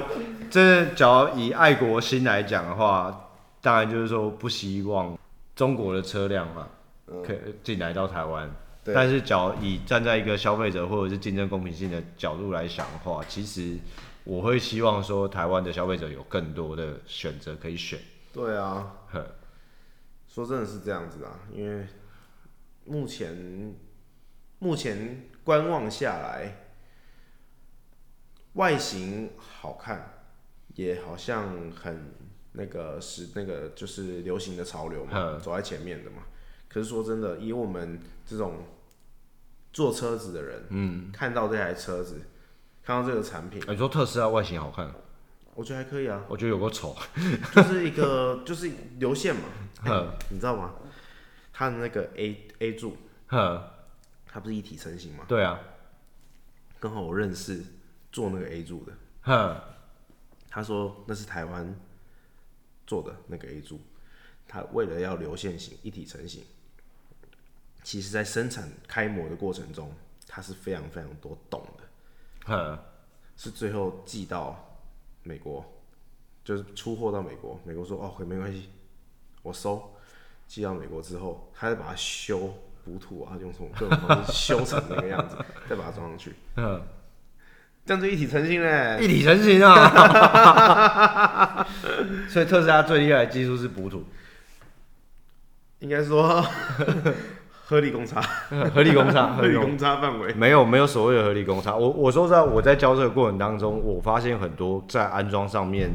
真的，假如以愛國心來講的話，當然就是說不希望中國的車輛嘛、嗯，可以進來到台灣。啊、但是，角以站在一個消費者或者是競爭公平性的角度來想的話，其實我會希望說，台灣的消費者有更多的選擇可以選。對啊，說真的是這樣子啊，因為目前，目前觀望下來，外形好看，也好像很那個，是那個就是流行的潮流嘛，走在前面的嘛。可是說真的，以我們。這種坐車子的人，嗯，看到這台車子，看到這個產品，你、欸、說特斯拉外形好看？我覺得還可以啊，我覺得有夠醜，就是一個 就是流線嘛，欸、你知道嗎？他的那個 A A 柱，他不是一體成型嗎？對啊，剛好我認識做那個 A 柱的，他說那是台灣做的那個 A 柱，他為了要流線型一體成型。其實，在生產開模的過程中，它是非常非常多洞的，嗯、是最後寄到美國，就是出貨到美國，美國說哦沒關係，我收。寄到美國之後，它再把它修補土啊，用什麼各種方式 修成那個樣子，再把它裝上去，嗯，這樣就一體成型嘞，一體成型啊、哦， 所以特斯拉最厲害的技術是補土，應該說。 合理公差， 合理公差，合理公差範圍沒有，沒有所謂的合理公差。我我說實在，我在交車的過程當中，我發現很多在安裝上面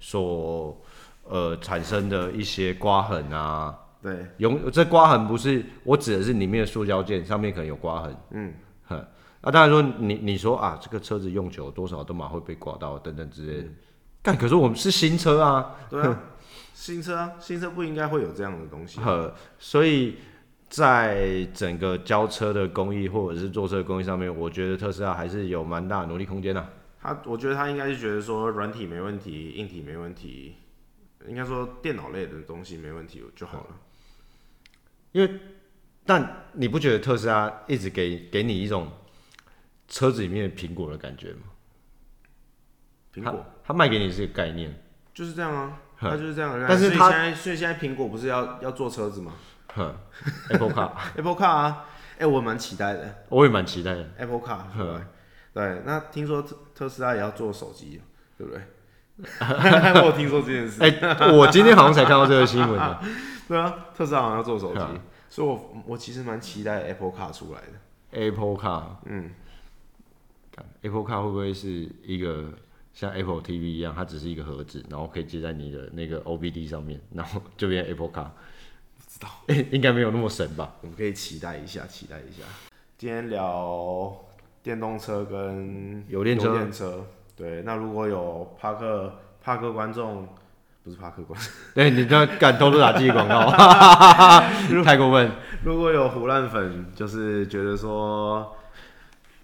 所呃產生的一些刮痕啊，對，有這刮痕不是，我指的是裡面的塑膠件上面可能有刮痕，嗯，那、啊、當然說你你說啊，這個車子用久多少都嘛會被刮到，等等之類，但、嗯、可是我們是新車啊，對啊，新車啊，新車不應該會有這樣的東西、啊，呃，所以。在整個交車的工藝或者是做車的工藝上面，我覺得特斯拉還是有蠻大的努力空間的、啊。他，我覺得他應該是覺得說，軟體沒問題，硬體沒問題，應該說電腦類的東西沒問題就好了。嗯、因為，但你不覺得特斯拉一直給給你一種車子裡面的蘋果的感覺嗎？蘋果，他賣給你這個概念，就是這樣啊，他就是這樣、啊。但是，現在，所以現在蘋果不是要要做車子嗎？Apple Car，Apple Car 啊，哎、欸，我蠻期待的，我也蠻期待的，Apple Car。對對，那聽說特特斯拉也要做手機，對不對？我有聽說這件事，哎，我今天好像才看到這個新聞。 對啊，特斯拉好像要做手機、啊，所以我我其實蠻期待 Apple Car 出來的。Apple Car，嗯，Apple Car 會不會是一個像 Apple TV 一樣，它只是一個盒子，然後可以接在你的那個 OBD 上面，然後就變 Apple Car？知道，應該沒有那麼神吧？我們可以期待一下，期待一下。今天聊電動車跟油電車。油電車，對，那如果有帕克帕克觀眾，不是帕克觀眾，對、欸，你這敢偷偷打記廣告， 太過分。如果，如果有胡亂粉，就是覺得說，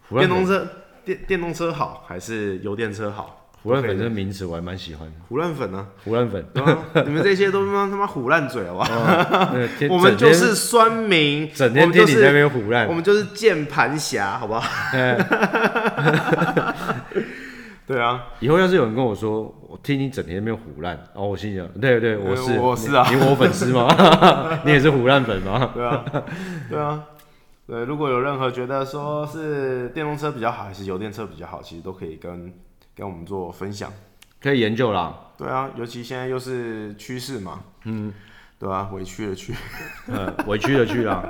胡亂粉，電動車電電動車好還是油電車好？胡亂粉這個名詞我還蠻喜歡的。胡亂粉呢？胡亂粉,、啊胡亂粉對，你們這些都他媽胡亂嘴好不好？哦、 我們就是酸民整天天天在那邊胡亂。我們就是鍵盤俠，好不好？欸、 對啊，以後要是有人跟我說，我聽你整天沒有胡亂，哦，我心想，對,對對，我是、欸、我,我是啊，你,你我粉絲嗎？ 你也是胡亂粉嗎？對啊，對啊，對。如果有任何覺得說是電動車比較好，還是油電車比較好，其實都可以跟。跟我們做分享，可以研究啦。對啊，尤其現在又是趨勢嘛，嗯，對啊，委屈的去， 呃、委屈的去啦。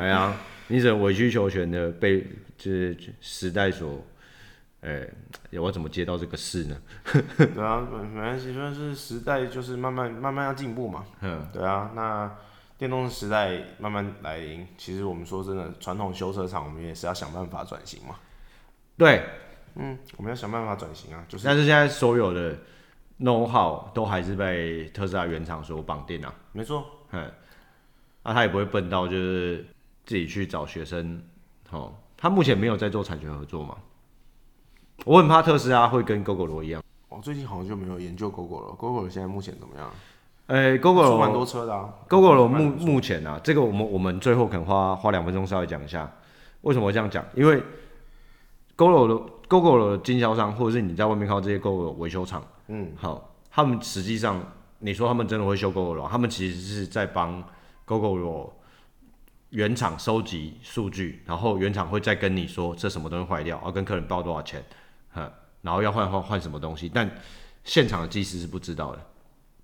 哎 呀、啊，你只委曲求全的被就是時代所，哎、欸，我怎麼接到這個事呢？ 對啊，沒關係，就是時代就是慢慢慢慢要進步嘛，嗯，對啊，那電動時代慢慢來臨，其實我們說真的，傳統修車廠我們也是要想辦法轉型嘛，對。嗯，我們要想辦法轉型啊，就是。但是現在所有的 no 號都還是被特斯拉原廠所綁定啊。沒錯。嗯，那、啊、他也不會笨到就是自己去找學生，好、哦，他目前沒有在做產權合作嘛。我很怕特斯拉會跟 g o 狗羅一樣。我、哦、最近好像就沒有研究 g o o g 了。g o 現在目前怎麼樣、欸、？gogo 蠻多車的啊。o 狗羅目目前啊，這個我們我們最後可能花花兩分鐘稍微講一下。為什麼會這樣講？因為 o 狗 o Gogoro 的經銷商，或者是你在外面看到這些 Gogoro 維修廠，嗯，好，他們實際上，你說他們真的會修 Gogoro，他們其實是在幫 Gogoro 原廠收集數據，然後原廠會再跟你說這什麼東西壞掉，要、啊、跟客人報多少錢，嗯、然後要換換換什麼東西，但現場的技師是不知道的。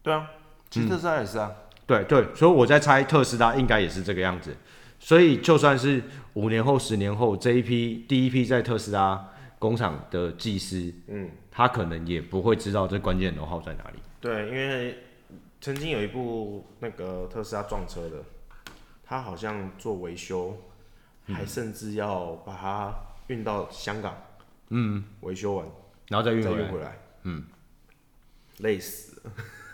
對啊，其實特斯拉也是啊。嗯、對對，所以我在猜特斯拉應該也是這個樣子。所以就算是五年後、十年後這一批第一批在特斯拉。工廠的技師，嗯，他可能也不會知道這關鍵的 know-how 在哪裡。對，因為曾經有一部那個特斯拉撞車的，他好像做維修，嗯，還甚至要把它運到香港，嗯，維修完，然後再運回，回來，嗯，累死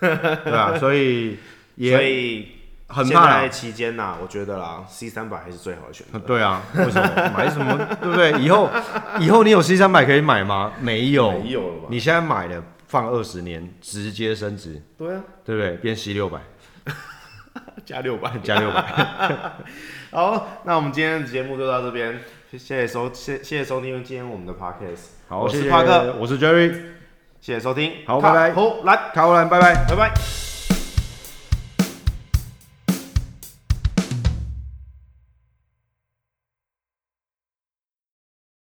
了。 對啊，所以，所以。很慢，現在期間吶、啊，我覺得啦，C 三百還是最好的選擇。對啊，為什麼 買什麼？ 對不對？以後以後你有 C 三百可以買嗎？沒有，沒有了吧？你現在買了放二十年，直接升值。對啊，對不對？變 C 六百， 加六百加，加六百。好，那我們今天的節目就到這邊，謝謝收，謝謝收聽今天我們的 Podcast。好，謝謝我是 Jerry，謝謝收聽，好，拜拜。好來卡歐蘭，拜拜，拜拜。